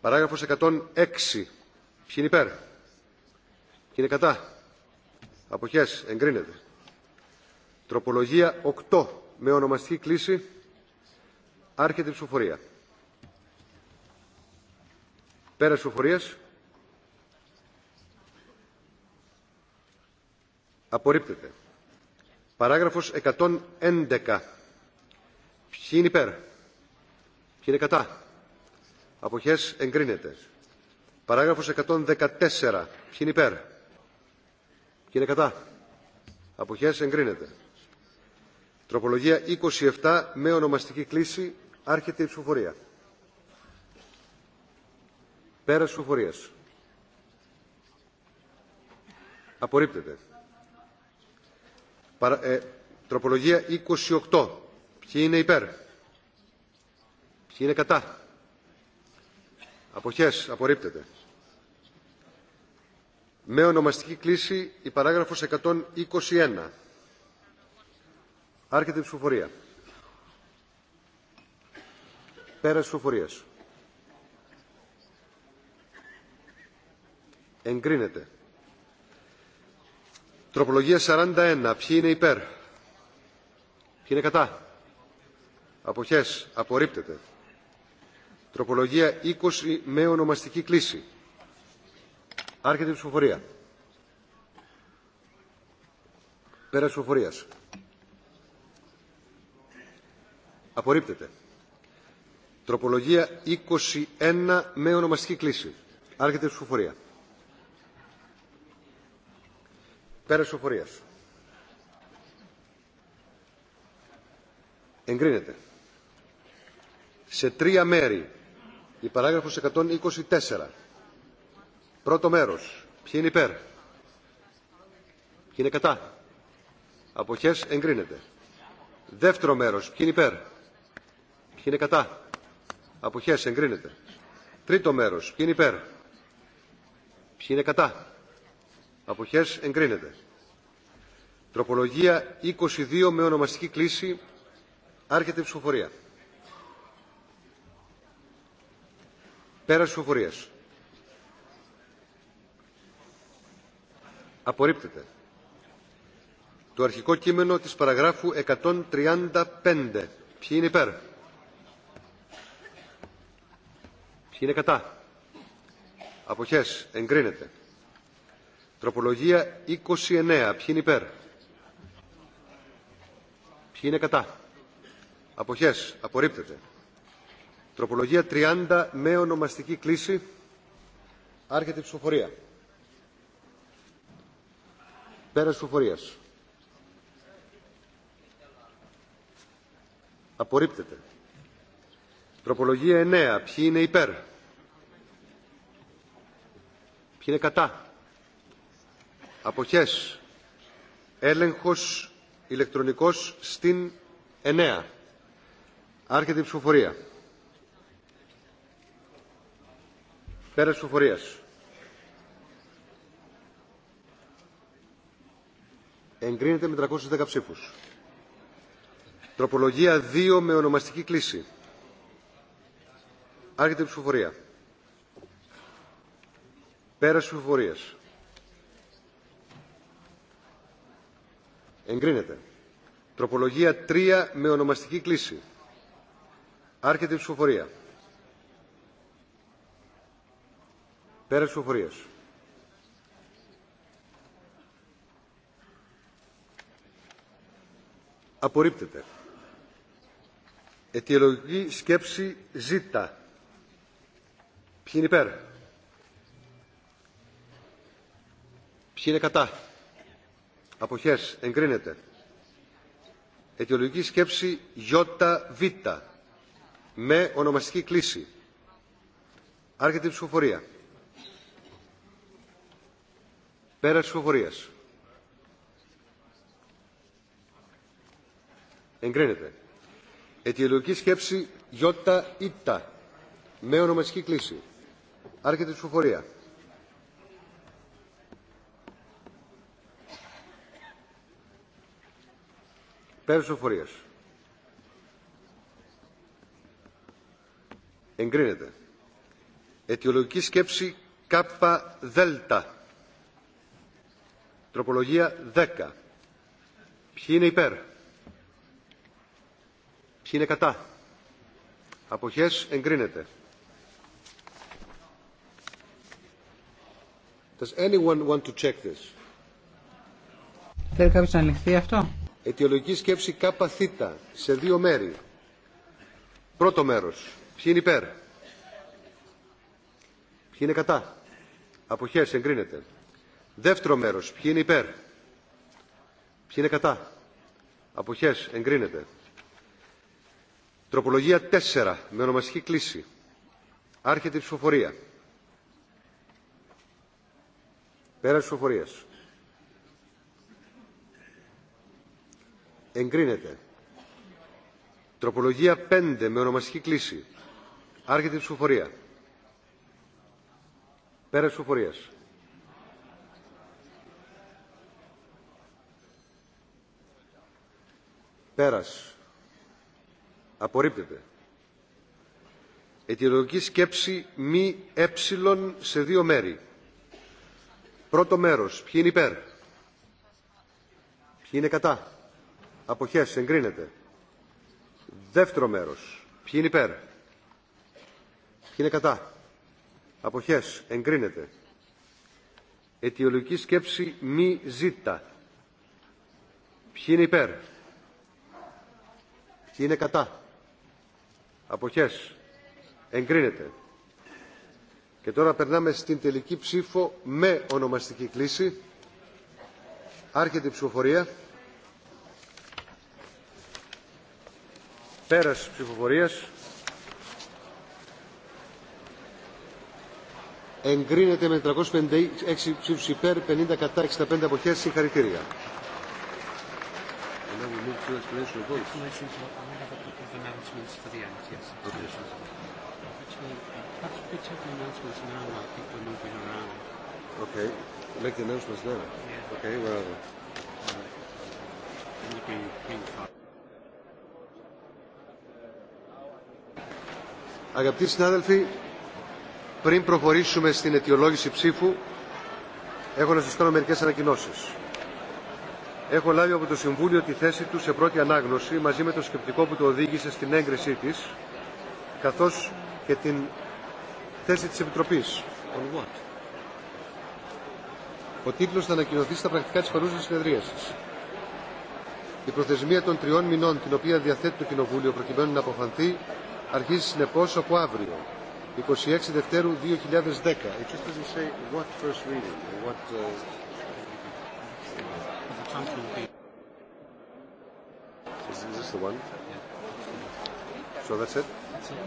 Παράγραφος 106. Ποιοι είναι υπέρ. Ποιοι είναι κατά. Αποχές. Εγκρίνεται. Τροπολογία 8. Με ονομαστική κλίση. Άρχεται η ψηφοφορία. Πέρας ψηφοφορία. Απορρίπτεται. Παράγραφος 111. Ποιοι είναι υπέρ. Ποιοι είναι κατά. Αποχές εγκρίνεται. Παράγραφος 114. Ποιοι είναι υπέρ. Ποιοι είναι κατά. Αποχές εγκρίνεται. Τροπολογία 27 με ονομαστική κλίση. Άρχεται η ψηφοφορία. Πέρας ψηφοφορία. Απορρίπτεται. Παρα, ε, τροπολογία 28. Ποιοι είναι υπέρ. Ποιοι είναι κατά. Αποχές. Απορρίπτεται. Με ονομαστική κλίση η παράγραφος 121. Άρχεται η ψηφοφορία. Πέρας ψηφοφορίας. εγκρίνεται. Τροπολογία 41. Ποιοι είναι υπέρ. Ποιοι είναι κατά. Αποχές. Απορρίπτεται. Τροπολογία 20 με ονομαστική κλίση. Άρχεται η ψηφοφορία. Πέρα ψηφοφορίας. Απορρίπτεται. Τροπολογία 21 με ονομαστική κλίση. Άρχεται η ψηφοφορία. Πέρας οφορία. Εγκρίνεται. Σε τρία μέρη. Η παράγραφος 124. Πρώτο μέρος. Ποιοι είναι υπέρ. Ποιοι είναι κατά. Αποχές εγκρίνεται. Δεύτερο μέρος. Ποιοι είναι υπέρ. Ποιοι είναι κατά. Αποχές εγκρίνεται. Τρίτο μέρος. Ποιοι είναι υπέρ. Ποιοι είναι κατά. Αποχές εγκρίνεται. Τροπολογία 22 με ονομαστική κλίση. Άρχεται η ψηφοφορία. Πέρας ψηφοφορίας. Απορρίπτεται. Το αρχικό κείμενο της παραγράφου 135. Ποιοι είναι υπέρ. Ποιοι είναι κατά. Αποχές. Εγκρίνεται. Τροπολογία 29. Ποιοι είναι υπέρ. Ποιοι είναι κατά. Αποχές. Απορρίπτεται. Τροπολογία 30 με ονομαστική κλίση. Άρχεται η ψηφοφορία. Πέρας ψηφοφορίας. Απορρίπτεται. Τροπολογία 9. Ποιοι είναι υπέρ. Ποιοι είναι κατά. Αποχές. Έλεγχος ηλεκτρονικός στην 9. Άρχεται η ψηφοφορία. Πέρας ψηφοφορίας. Εγκρίνεται με 310 ψήφους. Τροπολογία 2 με ονομαστική κλίση. Άρχεται η ψηφοφορία. Πέρας ψηφοφορίας. Εγκρίνεται. Τροπολογία 3 με ονομαστική κλίση. Άρχεται η ψηφοφορία. Πέρα ψηφοφορία. Απορρίπτεται. Αιτιολογική σκέψη ζήτα. Ποιοι είναι υπέρ. Ποιοι είναι κατά. Αποχές. Εγκρίνεται. Αιτιολογική σκέψη ΙΒ. Με ονομαστική κλίση. Άρχεται η ψηφοφορία. Πέρα της ψηφοφορίας. Εγκρίνεται. Αιτιολογική σκέψη ΙΙ. Με ονομαστική κλίση. Άρχεται η ψηφοφορία. Πέρα Εγκρίνεται. Αιτιολογική σκέψη ΚΑΠΑ ΔΕΛΤΑ. Τροπολογία 10. Ποιοι είναι υπέρ. Ποιοι είναι κατά. Αποχές εγκρίνεται. Does anyone want to check this? Θέλει κάποιος να ανοιχθεί αυτό αιτιολογική σκέψη ΚΘ σε δύο μέρη. Πρώτο μέρος. Ποιοι είναι υπέρ. Ποιοι είναι κατά. Αποχές εγκρίνεται. Δεύτερο μέρος. Ποιοι είναι υπέρ. Ποιοι είναι κατά. Αποχές εγκρίνεται. Τροπολογία 4 με ονομαστική κλίση. Άρχεται η ψηφοφορία. Πέρα ψηφοφορίας. εγκρίνεται. Τροπολογία 5 με ονομαστική κλίση. Άρχεται η ψηφοφορία. Πέρα ψηφοφορίας. Πέρας. Απορρίπτεται. Αιτιολογική σκέψη μη έψιλον σε δύο μέρη. Πρώτο μέρος. Ποιοι είναι υπέρ. Ποιοι είναι κατά αποχές εγκρίνεται δεύτερο μέρος ποιοι είναι υπέρ ποιοι είναι κατά αποχές εγκρίνεται αιτιολογική σκέψη μη ζήτα ποιοι είναι υπέρ ποιοι είναι κατά αποχές εγκρίνεται και τώρα περνάμε στην τελική ψήφο με ονομαστική κλίση άρχεται η ψηφοφορία Πέρας ψηφοφορίας. Εγκρίνεται με 356 ψήφους υπέρ, 50 κατά, 65 αποχές. Συγχαρητήρια. Okay. Make the announcements now. Yeah. Okay, well. Uh, Αγαπητοί συνάδελφοι, πριν προχωρήσουμε στην αιτιολόγηση ψήφου, έχω να σας κάνω μερικές ανακοινώσεις. Έχω λάβει από το Συμβούλιο τη θέση του σε πρώτη ανάγνωση μαζί με το σκεπτικό που το οδήγησε στην έγκρισή τη καθώς και την θέση της Επιτροπής. Ο τίτλο θα ανακοινωθεί στα πρακτικά της παρούσα συνεδρίασης. Η προθεσμία των τριών μηνών την οποία διαθέτει το Κοινοβούλιο προκειμένου να αποφανθεί αρχίζει συνεπώς από αύριο, 26 Δευτέρου 2010. It just doesn't say what first reading or what... Uh... Is this the one? Yeah. So that's it? That's it.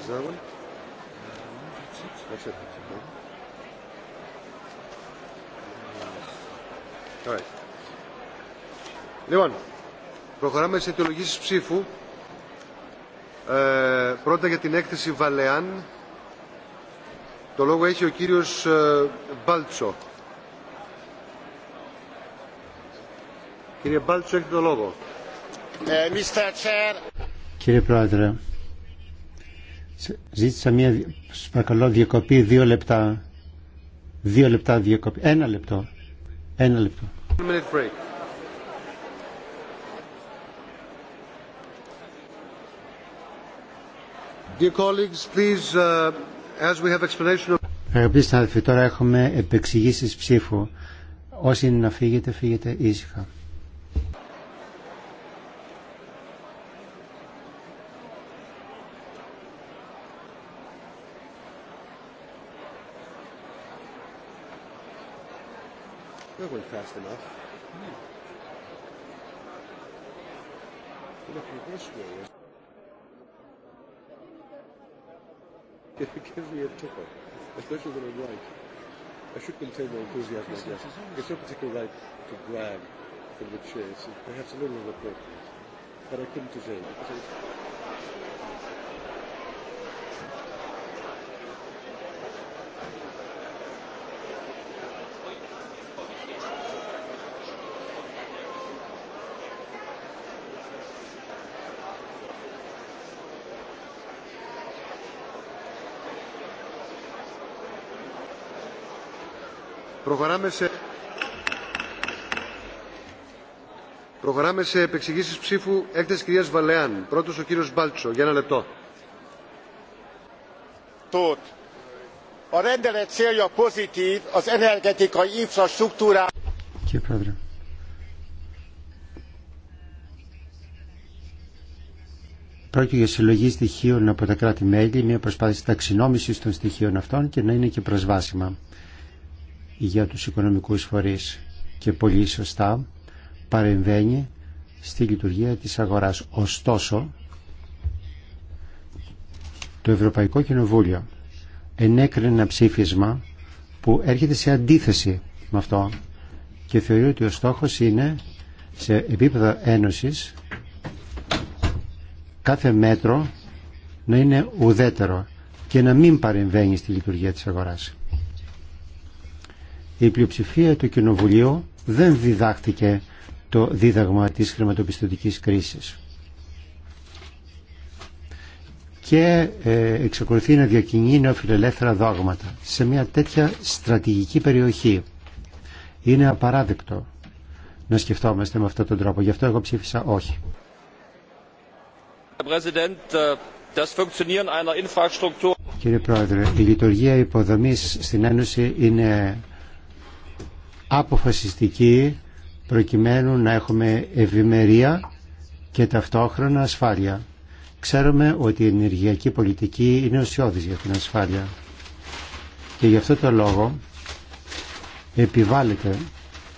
Is that one? That's it. Okay. Λοιπόν, Προχωράμε στις αιτιολογήσεις ψήφου. Ε, πρώτα για την έκθεση Βαλεάν. Το λόγο έχει ο κύριος ε, Μπάλτσο. Κύριε Μπάλτσο, έχετε το λόγο. Ε, Κύριε Πρόεδρε, ζήτησα μια, παρακαλώ, διακοπή δύο λεπτά. Δύο λεπτά διακοπή. Ένα λεπτό. Ένα λεπτό. Uh, Αγαπητοί συνάδελφοι, τώρα έχουμε επεξηγήσει ψήφου. Όσοι είναι να φύγετε, φύγετε ήσυχα. Give me a tipper. especially when I I'm like. I should contain my enthusiasm, I It's not particularly right to grab from the chairs. It's perhaps a little inappropriate. But I couldn't today Προχωράμε σε... Προχωράμε επεξηγήσεις ψήφου έκθεση κυρίας Βαλεάν. Πρώτος ο κύριος Μπάλτσο. Για ένα λεπτό. Κύριε Πρόεδρε, Πρόκειται για συλλογή στοιχείων από τα κράτη-μέλη, μια προσπάθεια ταξινόμησης των στοιχείων αυτών και να είναι και προσβάσιμα για τους οικονομικούς φορείς και πολύ σωστά παρεμβαίνει στη λειτουργία της αγοράς. Ωστόσο, το Ευρωπαϊκό Κοινοβούλιο ενέκρινε ένα ψήφισμα που έρχεται σε αντίθεση με αυτό και θεωρεί ότι ο στόχος είναι σε επίπεδο ένωσης κάθε μέτρο να είναι ουδέτερο και να μην παρεμβαίνει στη λειτουργία της αγοράς η πλειοψηφία του Κοινοβουλίου δεν διδάχτηκε το δίδαγμα της χρηματοπιστωτικής κρίσης και ε, εξακολουθεί να διακινεί νεοφιλελεύθερα δόγματα σε μια τέτοια στρατηγική περιοχή. Είναι απαράδεκτο να σκεφτόμαστε με αυτόν τον τρόπο. Γι' αυτό εγώ ψήφισα όχι. Äh, Κύριε Πρόεδρε, η λειτουργία υποδομής στην Ένωση είναι αποφασιστική προκειμένου να έχουμε ευημερία και ταυτόχρονα ασφάλεια. Ξέρουμε ότι η ενεργειακή πολιτική είναι ουσιώδης για την ασφάλεια και γι' αυτό το λόγο επιβάλλεται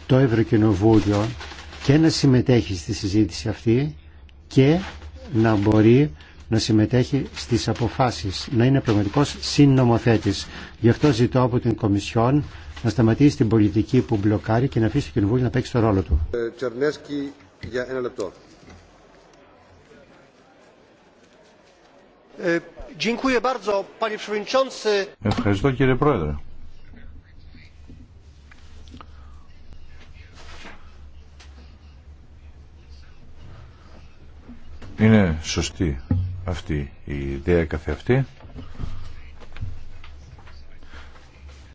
το Ευρωκοινοβούλιο και να συμμετέχει στη συζήτηση αυτή και να μπορεί να συμμετέχει στις αποφάσεις, να είναι πραγματικός συνομοθέτης. Γι' αυτό ζητώ από την Κομισιόν να σταματήσει την πολιτική που μπλοκάρει και να αφήσει το Κοινοβούλιο να παίξει το ρόλο του. Ε, για ένα λεπτό. Ε, Ευχαριστώ κύριε Πρόεδρε. Είναι σωστή αυτή η ιδέα καθεαυτή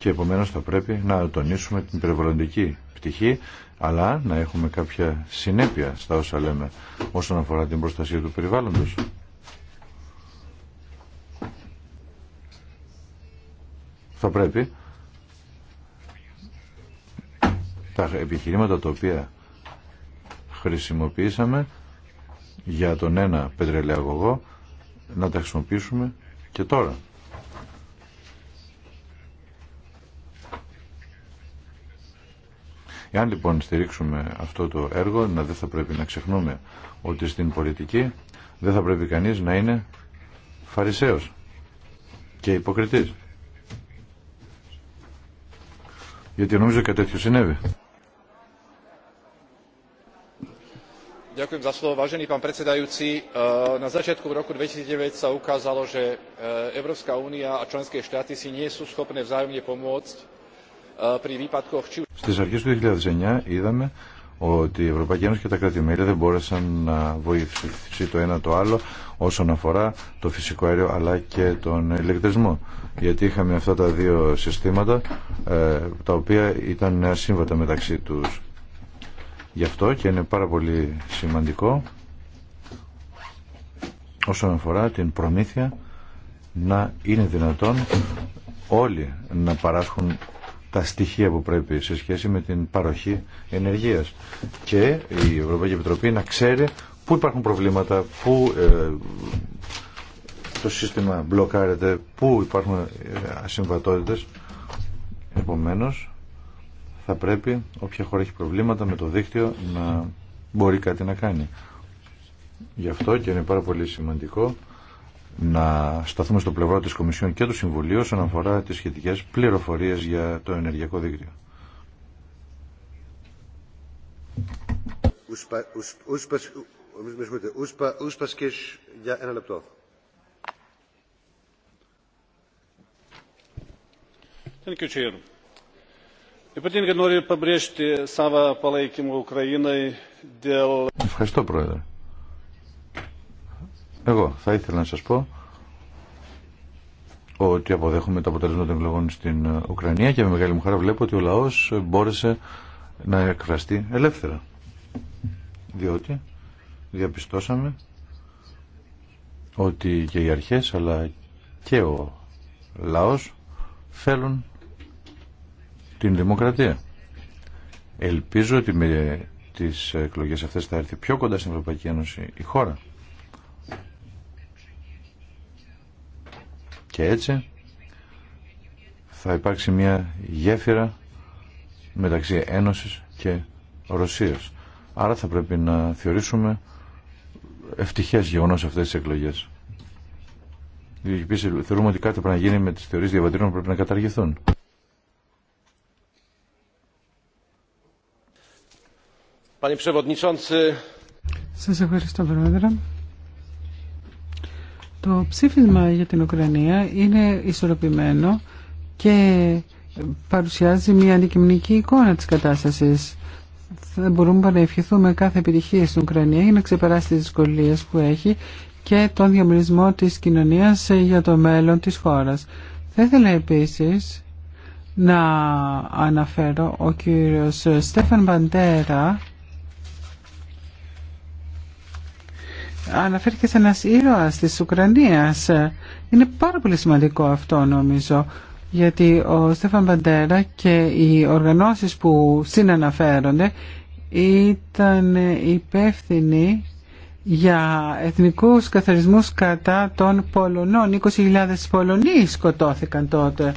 και επομένως θα πρέπει να τονίσουμε την περιβαλλοντική πτυχή αλλά να έχουμε κάποια συνέπεια στα όσα λέμε όσον αφορά την προστασία του περιβάλλοντος. Θα πρέπει τα επιχειρήματα τα οποία χρησιμοποιήσαμε για τον ένα πετρελαιαγωγό να τα χρησιμοποιήσουμε και τώρα. Εάν λοιπόν στηρίξουμε αυτό το έργο, να δεν θα πρέπει να ξεχνούμε ότι στην πολιτική δεν θα πρέπει κανείς να είναι φαρισαίος και υποκριτής. Γιατί νομίζω και τέτοιο συνέβη. Eh, na začiatku v roku 2009 sa ukázalo že eh, európska únia a členské štáty si nie sú schopné vzájomne pomôcť ε, Στις αρχές του 2009 είδαμε ότι η Ευρωπαϊκή Ένωση και τα κράτη-μέλη δεν μπόρεσαν να βοηθήσει το ένα το άλλο όσον αφορά το φυσικό αέριο αλλά και τον ηλεκτρισμό. Γιατί είχαμε αυτά τα δύο συστήματα ε, τα οποία ήταν ασύμβατα μεταξύ τους. Γι' αυτό και είναι πάρα πολύ σημαντικό όσον αφορά την προμήθεια να είναι δυνατόν όλοι να παράσχουν τα στοιχεία που πρέπει σε σχέση με την παροχή ενεργείας και η Ευρωπαϊκή Επιτροπή να ξέρει πού υπάρχουν προβλήματα, πού ε, το σύστημα μπλοκάρεται, πού υπάρχουν ε, ασυμβατότητες. Επομένως, θα πρέπει όποια χώρα έχει προβλήματα με το δίκτυο να μπορεί κάτι να κάνει. Γι' αυτό και είναι πάρα πολύ σημαντικό να σταθούμε στο πλευρό της Κομισιόν και του Συμβουλίου όσον αφορά τις σχετικές πληροφορίες για το ενεργειακό δίκτυο. Ευχαριστώ, Πρόεδρε. Εγώ θα ήθελα να σας πω ότι αποδέχομαι το αποτελεσμα των εκλογών στην ε, Ουκρανία και με μεγάλη μου χαρά βλέπω ότι ο λαός ε, μπόρεσε να εκφραστεί ελεύθερα. Διότι διαπιστώσαμε ότι και οι αρχές αλλά και ο λαός θέλουν την δημοκρατία. Ελπίζω ότι με τις εκλογές αυτές θα έρθει πιο κοντά στην Ευρωπαϊκή Ένωση η χώρα. Και έτσι θα υπάρξει μια γέφυρα μεταξύ Ένωσης και Ρωσίας. Άρα θα πρέπει να θεωρήσουμε ευτυχές γεγονός αυτές τις εκλογές. Επίσης θεωρούμε ότι κάτι πρέπει να γίνει με τις θεωρίες διαβατήρων πρέπει να καταργηθούν. Σας ευχαριστώ, Πρόεδρε. Το ψήφισμα για την Ουκρανία είναι ισορροπημένο και παρουσιάζει μια αντικειμενική εικόνα της κατάστασης. Θα μπορούμε να ευχηθούμε κάθε επιτυχία στην Ουκρανία για να ξεπεράσει τις δυσκολίες που έχει και τον διαμερισμό της κοινωνίας για το μέλλον της χώρας. Θα ήθελα επίσης να αναφέρω ο κύριος Στέφαν Μπαντέρα αναφέρθηκε σε ένας ήρωας της Ουκρανίας. Είναι πάρα πολύ σημαντικό αυτό νομίζω, γιατί ο Στέφαν Παντέρα και οι οργανώσεις που συναναφέρονται ήταν υπεύθυνοι για εθνικούς καθαρισμούς κατά των Πολωνών. 20.000 Πολωνοί σκοτώθηκαν τότε.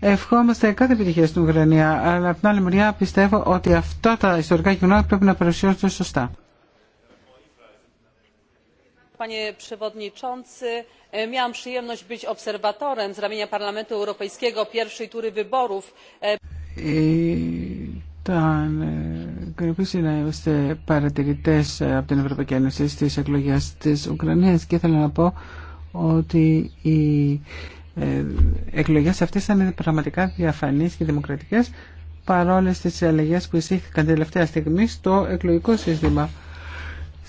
Ευχόμαστε κάθε επιτυχία στην Ουκρανία, αλλά από την άλλη μεριά πιστεύω ότι αυτά τα ιστορικά γεγονότα πρέπει να παρουσιάζονται σωστά panie przewodniczący! miałam przyjemność być obserwatorem z ramienia parlamentu europejskiego pierwszej tury wyborów. να Ευρωπαϊκή ότι και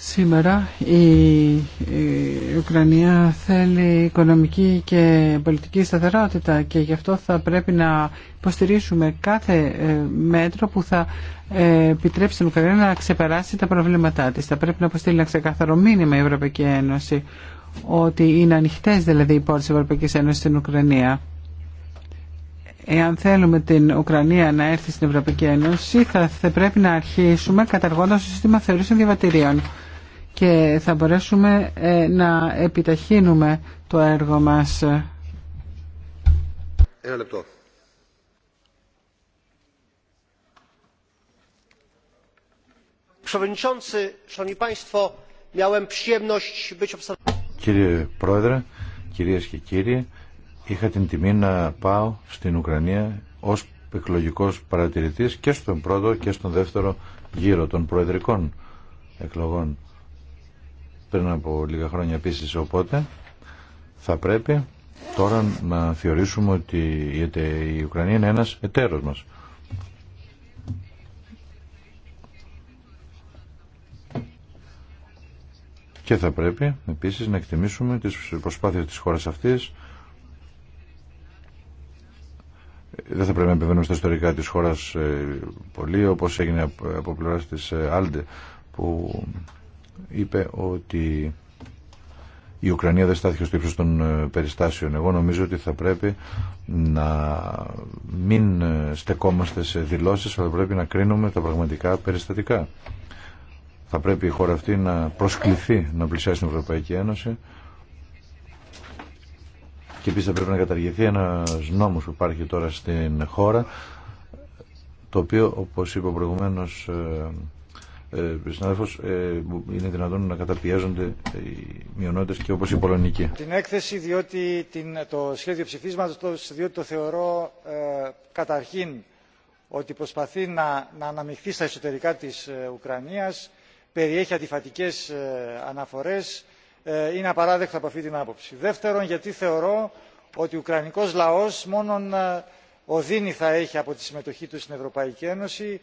Σήμερα η Ουκρανία θέλει οικονομική και πολιτική σταθερότητα και γι' αυτό θα πρέπει να υποστηρίσουμε κάθε ε, μέτρο που θα ε, επιτρέψει την Ουκρανία να ξεπεράσει τα προβλήματά της. Θα πρέπει να αποστείλει ένα ξεκάθαρο μήνυμα η Ευρωπαϊκή Ένωση ότι είναι ανοιχτέ δηλαδή οι πόρτες της Ευρωπαϊκής Ένωσης στην Ουκρανία. Εάν θέλουμε την Ουκρανία να έρθει στην Ευρωπαϊκή Ένωση θα, θα πρέπει να αρχίσουμε καταργώντας το σύστημα θεωρήσεων διαβατηρίων και θα μπορέσουμε ε, να επιταχύνουμε το έργο μας. Ένα λεπτό. Κύριε Πρόεδρε, κυρίες και κύριοι, είχα την τιμή να πάω στην Ουκρανία ως εκλογικός παρατηρητής και στον πρώτο και στον δεύτερο γύρο των προεδρικών εκλογών πριν από λίγα χρόνια επίση οπότε θα πρέπει τώρα να θεωρήσουμε ότι η Ουκρανία είναι ένας εταίρος μας. Και θα πρέπει επίσης να εκτιμήσουμε τις προσπάθειες της χώρας αυτής δεν θα πρέπει να επιβαίνουμε στα ιστορικά της χώρας ε, πολύ όπως έγινε από πλευράς της ε, Άλντε που είπε ότι η Ουκρανία δεν στάθηκε στο ύψος των ε, περιστάσεων. Εγώ νομίζω ότι θα πρέπει να μην ε, στεκόμαστε σε δηλώσεις, αλλά πρέπει να κρίνουμε τα πραγματικά περιστατικά. Θα πρέπει η χώρα αυτή να προσκληθεί να πλησιάσει την Ευρωπαϊκή Ένωση και επίσης θα πρέπει να καταργηθεί ένας νόμος που υπάρχει τώρα στην χώρα το οποίο όπως είπα προηγουμένως ε, ε, συνάδελφος, ε, είναι δυνατόν να καταπιέζονται οι μειονότητες και όπως η Πολωνική. Την έκθεση, διότι την, το σχέδιο ψηφίσματος, διότι το θεωρώ ε, καταρχήν ότι προσπαθεί να, να αναμειχθεί στα εσωτερικά της Ουκρανίας, περιέχει αντιφατικές ε, αναφορές, είναι απαράδεκτο από αυτή την άποψη. Δεύτερον, γιατί θεωρώ ότι ο Ουκρανικός λαός μόνον οδύνη θα έχει από τη συμμετοχή του στην Ευρωπαϊκή Ένωση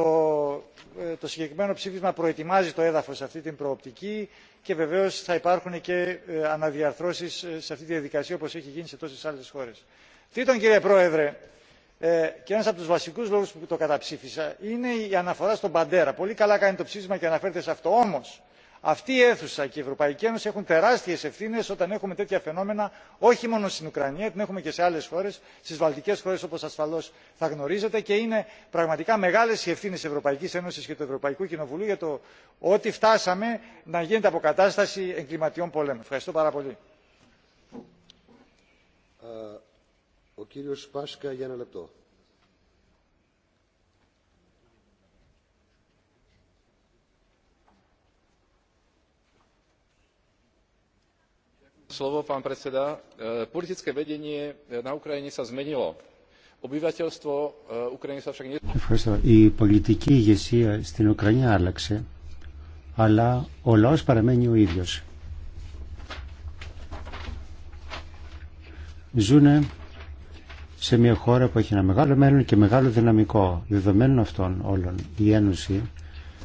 ε, το συγκεκριμένο ψήφισμα προετοιμάζει το έδαφος σε αυτή την προοπτική και βεβαίως θα υπάρχουν και ε, αναδιαρθρώσεις ε, σε αυτή τη διαδικασία όπως έχει γίνει σε τόσες άλλες χώρες. Τρίτον κύριε Πρόεδρε, και ένας από τους βασικούς λόγους που το καταψήφισα είναι η αναφορά στον Παντέρα. Πολύ καλά κάνει το ψήφισμα και αναφέρεται σε αυτό. Όμως αυτή η αίθουσα και η ευρωπαϊκή ένωση έχουν τεράστιες ευθύνες όταν έχουμε τέτοια φαινόμενα όχι μόνο στην ουκρανία την έχουμε και σε άλλες χώρες στις βαλτικές χώρες όπως ασφαλώς θα γνωρίζετε και είναι πραγματικά μεγάλες οι ευθύνες της ευρωπαϊκής ένωσης και του ευρωπαϊκού κοινοβουλίου για το ότι φτάσαμε να γίνεται αποκατάσταση εγκληματιών πολέμων. ευχαριστώ πάρα πολύ. Ε, ο κύριος για λεπτό. Ευχαριστώ. Η πολιτική ηγεσία στην Ουκρανία άλλαξε, αλλά ο λαός παραμένει ο ίδιο. Ζούνε σε μια χώρα που έχει ένα μεγάλο μέλλον και μεγάλο δυναμικό. Δεδομένων αυτών όλων, η Ένωση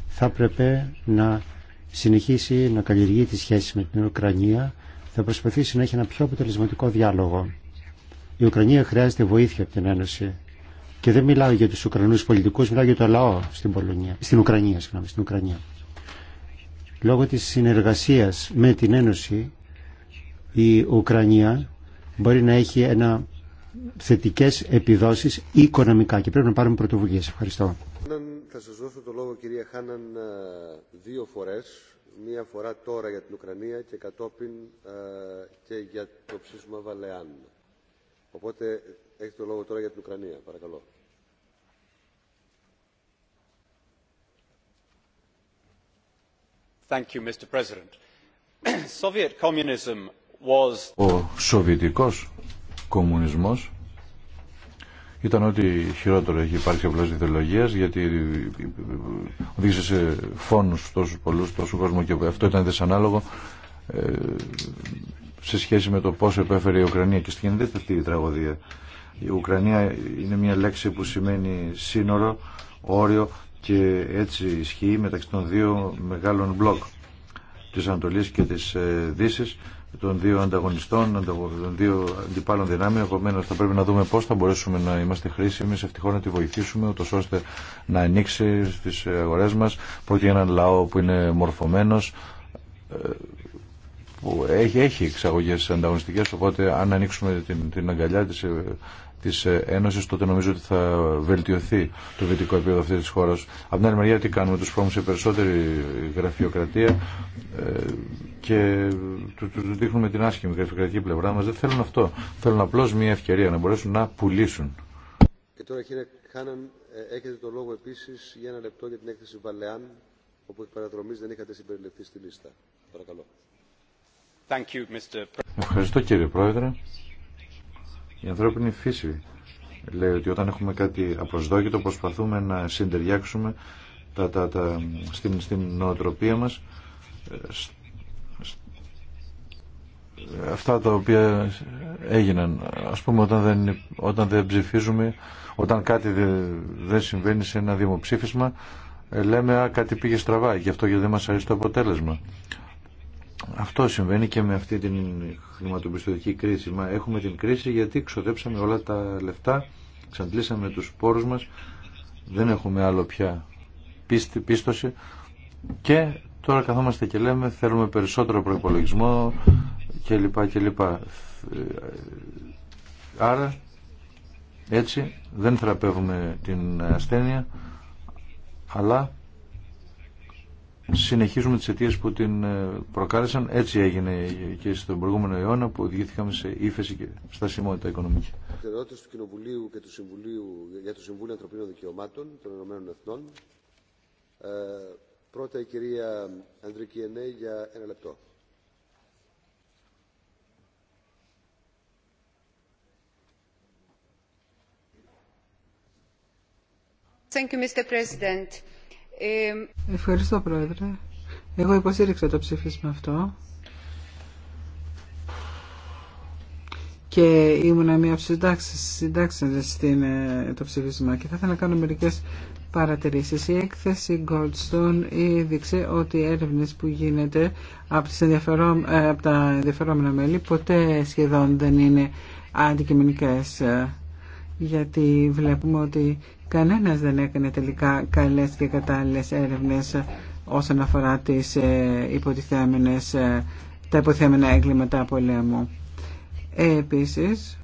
θα έπρεπε να συνεχίσει να καλλιεργεί τις σχέσεις με την Ουκρανία θα προσπαθήσει να έχει ένα πιο αποτελεσματικό διάλογο. Η Ουκρανία χρειάζεται βοήθεια από την Ένωση. Και δεν μιλάω για τους Ουκρανούς πολιτικούς, μιλάω για το λαό στην, Πολωνία, στην Ουκρανία. στην Ουκρανία. Λόγω της συνεργασίας με την Ένωση, η Ουκρανία μπορεί να έχει ένα θετικές επιδόσεις οικονομικά και πρέπει να πάρουμε πρωτοβουλίες. Ευχαριστώ. Θα σας δώσω το λόγο κυρία Χάναν δύο φορές μία φορά τώρα για την Ουκρανία και κατόπιν ε, και για το ψήσιμο Βαλεάν. Οπότε έχει το λόγο τώρα για την Ουκρανία. Παρακαλώ. Thank you, Mr. President. Soviet communism was... Ο σοβιετικός κομμουνισμός ήταν ότι χειρότερο έχει υπάρξει απλώ ιδεολογία, γιατί οδήγησε σε φόνου τόσου πολλού, τόσου κόσμου και αυτό ήταν δυσανάλογο ε, σε σχέση με το πώ επέφερε η Ουκρανία. Και στην δεν αυτή η τραγωδία. Η Ουκρανία είναι μια λέξη που σημαίνει σύνορο, όριο και έτσι ισχύει μεταξύ των δύο μεγάλων μπλοκ της Ανατολής και της ε, Δύσης των δύο ανταγωνιστών, των δύο αντιπάλων δυνάμεων. Επομένω, θα πρέπει να δούμε πώ θα μπορέσουμε να είμαστε χρήσιμοι σε αυτή να τη βοηθήσουμε, ούτω ώστε να ανοίξει στι αγορέ μα. πρώτοι για έναν λαό που είναι μορφωμένο, ε, που έχει, έχει εξαγωγέ ανταγωνιστικέ. Οπότε, αν ανοίξουμε την, την αγκαλιά τη ε, Τη ε, Ένωση, τότε νομίζω ότι θα βελτιωθεί το βιωτικό επίπεδο αυτή τη χώρα. Από την άλλη μεριά, τι κάνουμε, τους πρόμους σε περισσότερη γραφειοκρατία ε, και του, δείχνουμε την άσχημη γραφειοκρατική πλευρά μας. Δεν θέλουν αυτό. Θέλουν απλώ μια ευκαιρία να μπορέσουν να πουλήσουν. Και τώρα κύριε Χάναν, ε, έχετε το λόγο επίση για ένα λεπτό για την έκθεση Βαλεάν, όπου εκ δεν είχατε συμπεριληφθεί στη λίστα. Παρακαλώ. Thank you, Mr. Ευχαριστώ κύριε Πρόεδρε. Η ανθρώπινη φύση λέει ότι όταν έχουμε κάτι απροσδόκητο προσπαθούμε να συντεριάξουμε τα, τα, τα, στην, στην νοοτροπία μας αυτά τα οποία έγιναν. Ας πούμε όταν δεν, όταν δεν ψηφίζουμε, όταν κάτι δεν, δεν συμβαίνει σε ένα δημοψήφισμα, ε, λέμε α, κάτι πήγε στραβά και αυτό γιατί δεν μας αρέσει το αποτέλεσμα. Αυτό συμβαίνει και με αυτή την χρηματοπιστωτική κρίση. Μα έχουμε την κρίση γιατί ξοδέψαμε όλα τα λεφτά, ξαντλήσαμε τους πόρους μας, δεν έχουμε άλλο πια πίστη, πίστοση και τώρα καθόμαστε και λέμε θέλουμε περισσότερο προϋπολογισμό κλπ. κλπ. Άρα έτσι δεν θεραπεύουμε την ασθένεια αλλά συνεχίζουμε τις αιτίες που την ε, προκάλεσαν. Έτσι έγινε και στον προηγούμενο αιώνα που οδηγήθηκαμε σε ύφεση και στασιμότητα οικονομική. Ερώτηση του Κοινοβουλίου και του Συμβουλίου για το Συμβούλιο Ανθρωπίνων Δικαιωμάτων των Ηνωμένων Εθνών. Εθνών. πρώτα η κυρία Ανδρική Ενέ για ένα λεπτό. Thank you, Mr. President. Ευχαριστώ Πρόεδρε. Εγώ υποστήριξα το ψήφισμα αυτό και ήμουν μία από τις συντάξεις στην ε, το ψήφισμα και θα ήθελα να κάνω μερικές παρατηρήσεις. Η έκθεση Goldstone έδειξε ότι οι έρευνες που γίνεται από, τις ενδιαφερό, ε, από τα ενδιαφερόμενα μέλη ποτέ σχεδόν δεν είναι αντικειμενικές ε, γιατί βλέπουμε ότι Κανένας δεν έκανε τελικά καλές και κατάλληλες έρευνες όσον αφορά τις ε, υποτιθέμενες, ε, τα υποθέμενα έγκληματα πολέμου. Επίσης,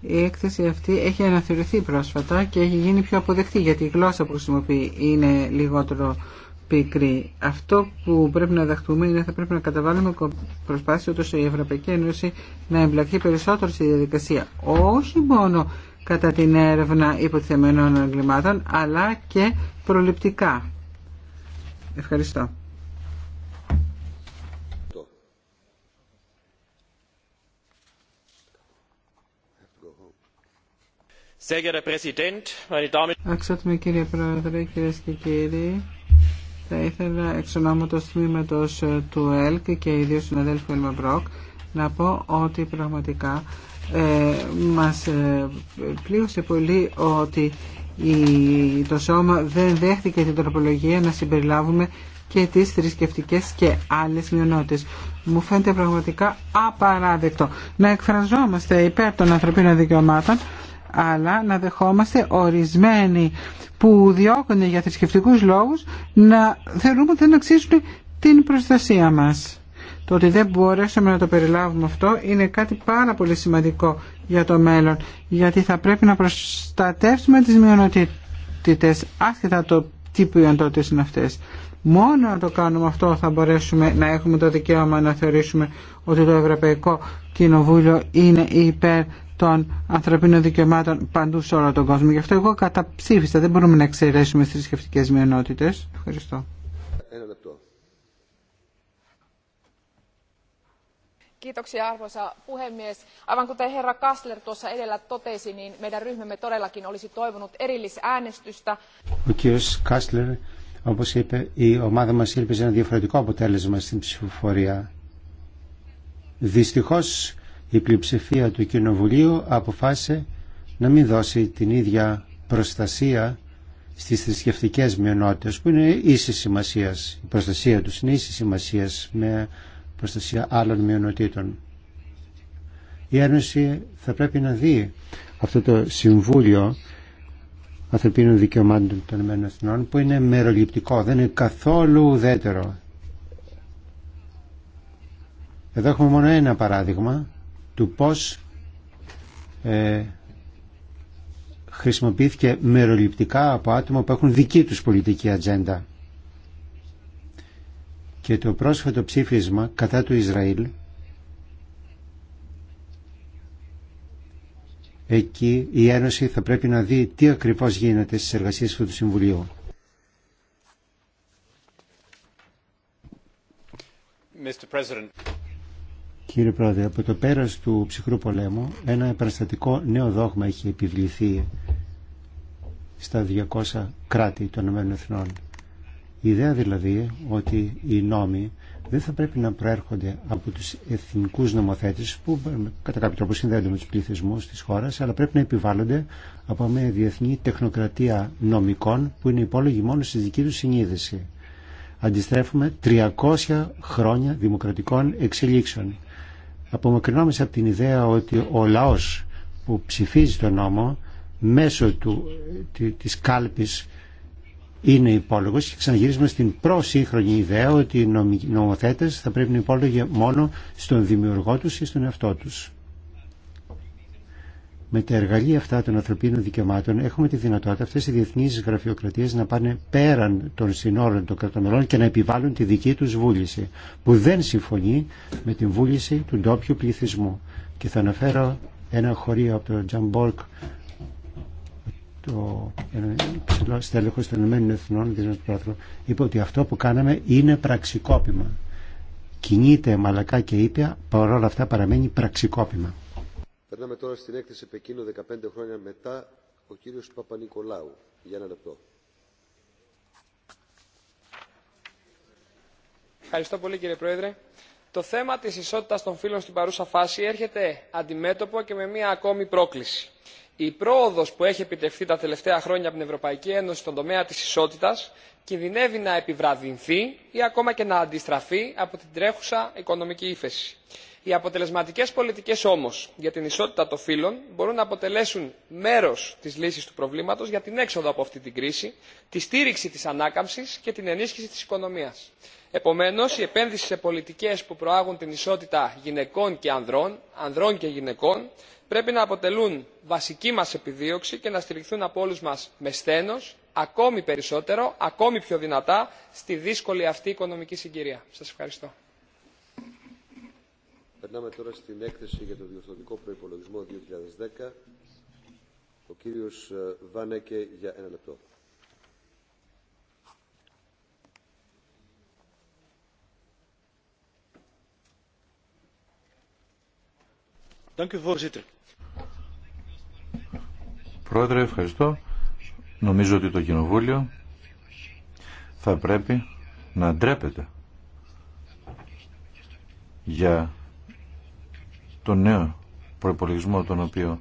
η έκθεση αυτή έχει αναθεωρηθεί πρόσφατα και έχει γίνει πιο αποδεκτή γιατί η γλώσσα που χρησιμοποιεί είναι λιγότερο πικρή. Αυτό που πρέπει να δεχτούμε είναι θα πρέπει να καταβάλουμε προσπάθεια ώστε η Ευρωπαϊκή Ένωση να εμπλακεί περισσότερο στη διαδικασία. Όχι μόνο κατά την έρευνα υποτιθεμένων εγκλημάτων, αλλά και προληπτικά. Ευχαριστώ. Αξιότιμη κύριε Πρόεδρε, κυρίε και κύριοι, θα ήθελα εξ ονόματο τμήματο του ΕΛΚ και ιδίω του αδέλφου Ελμαμπρόκ να πω ότι πραγματικά ε, μας ε, πλήρωσε πολύ ότι το σώμα δεν δέχτηκε την τροπολογία να συμπεριλάβουμε και τις θρησκευτικέ και άλλες μειονότητες. Μου φαίνεται πραγματικά απαράδεκτο να εκφραζόμαστε υπέρ των ανθρωπίνων δικαιωμάτων αλλά να δεχόμαστε ορισμένοι που διώκονται για θρησκευτικού λόγους να θεωρούμε ότι δεν αξίζουν την προστασία μας. Το ότι δεν μπορέσαμε να το περιλάβουμε αυτό είναι κάτι πάρα πολύ σημαντικό για το μέλλον, γιατί θα πρέπει να προστατεύσουμε τις μειονότητες, άσχετα το τι ποιοντότητες είναι αυτές. Μόνο αν το κάνουμε αυτό θα μπορέσουμε να έχουμε το δικαίωμα να θεωρήσουμε ότι το Ευρωπαϊκό Κοινοβούλιο είναι υπέρ των ανθρωπίνων δικαιωμάτων παντού σε όλο τον κόσμο. Γι' αυτό εγώ καταψήφισα. Δεν μπορούμε να εξαιρέσουμε θρησκευτικέ μειονότητε. Ευχαριστώ. Ένα λεπτό. arvoisa puhemies aivan Ο κύριος Κάσλερ, όπως είπε, η ομάδα μας ήλπιζε ένα διαφορετικό αποτέλεσμα στην ψηφοφορία. Δυστυχώς η πλειοψηφία του Κοινοβουλίου αποφάσισε να μην δώσει την ίδια προστασία στις θρησκευτικέ μειονότητες που είναι ίση σημασία. Η προστασία τους είναι ίση σημασία με προστασία άλλων μειονοτήτων. Η Ένωση θα πρέπει να δει αυτό το Συμβούλιο Ανθρωπίνων Δικαιωμάτων των Εθνών που είναι μεροληπτικό, δεν είναι καθόλου ουδέτερο. Εδώ έχουμε μόνο ένα παράδειγμα του πώς ε, χρησιμοποιήθηκε μεροληπτικά από άτομα που έχουν δική τους πολιτική ατζέντα και το πρόσφατο ψήφισμα κατά του Ισραήλ εκεί η Ένωση θα πρέπει να δει τι ακριβώς γίνεται στις εργασίες του Συμβουλίου. Κύριε Πρόεδρε, από το πέρας του ψυχρού πολέμου ένα επαναστατικό νέο δόγμα έχει επιβληθεί στα 200 κράτη των ΗΕ. Η ιδέα δηλαδή ότι οι νόμοι δεν θα πρέπει να προέρχονται από τους εθνικούς νομοθέτες που κατά κάποιο τρόπο συνδέονται με τους πληθυσμούς της χώρας αλλά πρέπει να επιβάλλονται από μια διεθνή τεχνοκρατία νομικών που είναι υπόλογη μόνο στη δική του συνείδηση. Αντιστρέφουμε 300 χρόνια δημοκρατικών εξελίξεων. Απομακρυνόμαστε από την ιδέα ότι ο λαός που ψηφίζει τον νόμο μέσω του, της κάλπης είναι υπόλογος και ξαναγυρίζουμε στην προσύγχρονη ιδέα ότι οι νομοθέτες θα πρέπει να υπόλογε μόνο στον δημιουργό τους ή στον εαυτό τους. Με τα εργαλεία αυτά των ανθρωπίνων δικαιωμάτων έχουμε τη δυνατότητα αυτές οι διεθνείς γραφειοκρατίες να πάνε πέραν των συνόρων των κρατομελών και να επιβάλλουν τη δική τους βούληση που δεν συμφωνεί με την βούληση του ντόπιου πληθυσμού. Και θα αναφέρω ένα χωρίο από το Τζαμπόρκ το στέλεχος των Ηνωμένων Εθνών είπε ότι αυτό που κάναμε είναι πραξικόπημα. Κινείται μαλακά και ήπια, παρόλα αυτά παραμένει πραξικόπημα. Περνάμε τώρα στην έκθεση Πεκίνο 15 χρόνια μετά, ο κύριος Παπα-Νικολάου. Για ένα λεπτό. Ευχαριστώ πολύ κύριε Πρόεδρε. Το θέμα της ισότητας των φύλων στην παρούσα φάση έρχεται αντιμέτωπο και με μία ακόμη πρόκληση η πρόοδος που έχει επιτευχθεί τα τελευταία χρόνια από την ευρωπαϊκή ένωση στον τομέα της ισότητας κινδυνεύει να επιβραδυνθεί ή ακόμα και να αντιστραφεί από την τρέχουσα οικονομική ύφεση. οι αποτελεσματικές πολιτικές όμως για την ισότητα των φύλων μπορούν να αποτελέσουν μέρος της λύσης του προβλήματος για την έξοδο από αυτή την κρίση τη στήριξη της ανάκαμψης και την ενίσχυση της οικονομίας. επομένως η επένδυση σε πολιτικές που προάγουν την ισότητα γυναικών και ανδρών ανδρών και γυναικών πρέπει να αποτελούν βασική μας επιδίωξη και να στηριχθούν από όλους μας με σθένος ακόμη περισσότερο ακόμη πιο δυνατά στη δύσκολη αυτή οικονομική συγκυρία. Σας ευχαριστώ. Περνάμε τώρα στην έκθεση για το διορθωτικό προϋπολογισμό 2010. Ο κύριος ε, Βάνεκε για ένα λεπτό. Dank u voorzitter. Πρόεδρε, ευχαριστώ. Νομίζω ότι το Κοινοβούλιο θα πρέπει να ντρέπεται για τον νέο προπολογισμό τον οποίο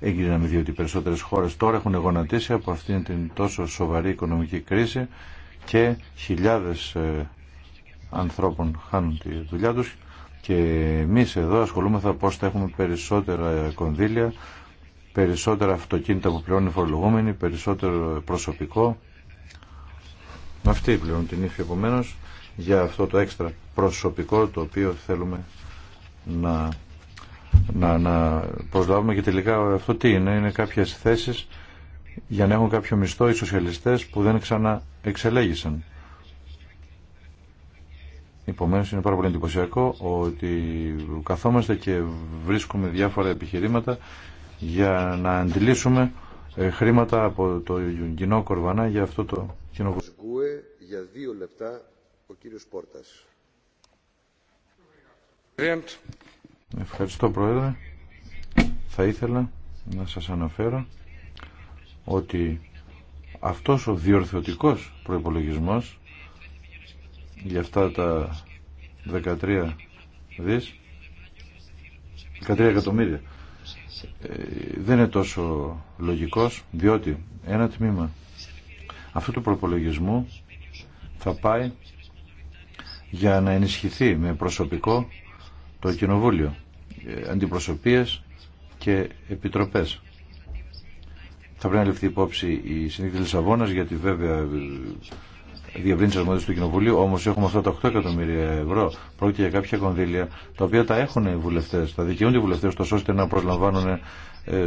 έγκριναμε διότι οι περισσότερες χώρες τώρα έχουν γονατίσει από αυτήν την τόσο σοβαρή οικονομική κρίση και χιλιάδες ε, ανθρώπων χάνουν τη δουλειά τους και εμείς εδώ ασχολούμεθα πώς θα έχουμε περισσότερα κονδύλια περισσότερα αυτοκίνητα που πληρώνουν οι φορολογούμενοι, περισσότερο προσωπικό. Αυτοί πληρώνουν την ύφη επομένω για αυτό το έξτρα προσωπικό το οποίο θέλουμε να, να, να προσλάβουμε και τελικά αυτό τι είναι, είναι κάποιες θέσεις για να έχουν κάποιο μισθό οι σοσιαλιστές που δεν ξαναεξελέγησαν. Επομένως είναι πάρα πολύ εντυπωσιακό ότι καθόμαστε και βρίσκουμε διάφορα επιχειρήματα για να αντιλήσουμε ε, χρήματα από το κοινό κορβανά για αυτό το κοινό για δύο λεπτά ο κύριος Πόρτας. Ευχαριστώ Πρόεδρε. Θα ήθελα να σας αναφέρω ότι αυτός ο διορθωτικός προϋπολογισμός για αυτά τα 13 δις 13 εκατομμύρια ε, δεν είναι τόσο λογικός διότι ένα τμήμα αυτού του προπολογισμού θα πάει για να ενισχυθεί με προσωπικό το κοινοβούλιο ε, αντιπροσωπείες και επιτροπές θα πρέπει να ληφθεί υπόψη η συνήθεια Λισαβόνας γιατί βέβαια ε, διευρύνσει αρμοδιότητε του Κοινοβουλίου, όμω έχουμε αυτά τα 8 εκατομμύρια ευρώ. Πρόκειται για κάποια κονδύλια τα οποία τα έχουν οι βουλευτέ, τα δικαιούνται οι βουλευτέ, τόσο ώστε να προσλαμβάνουν ε,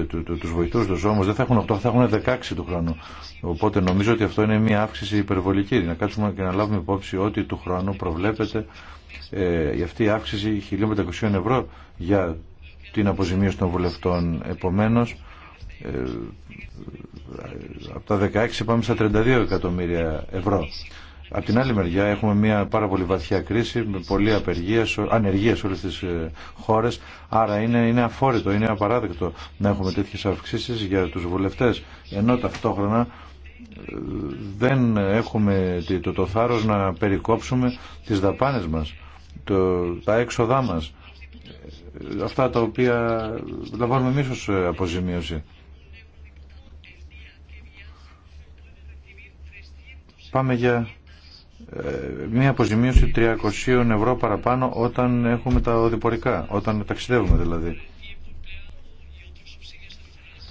του, βοηθού του. Όμω δεν θα έχουν 8, θα έχουν 16 του χρόνου. Οπότε νομίζω ότι αυτό είναι μια αύξηση υπερβολική. Να κάτσουμε και να λάβουμε υπόψη ότι του χρόνου προβλέπεται ε, αυτή η αύξηση 1.500 ευρώ για την αποζημίωση των βουλευτών. επομένω. Ε, από τα 16 πάμε στα 32 εκατομμύρια ευρώ. Απ' την άλλη μεριά έχουμε μια πάρα πολύ βαθιά κρίση με πολλή απεργία, ανεργία σε όλες τις ε, χώρες. Άρα είναι, είναι αφόρητο, είναι απαράδεκτο να έχουμε τέτοιες αυξήσεις για τους βουλευτές. Ενώ ταυτόχρονα ε, δεν έχουμε το, το θάρρος να περικόψουμε τις δαπάνες μας, το, τα έξοδά μας, αυτά τα οποία λαμβάνουμε εμείς αποζημίωση. πάμε για ε, μια αποζημίωση 300 ευρώ παραπάνω όταν έχουμε τα οδηπορικά, όταν ταξιδεύουμε δηλαδή.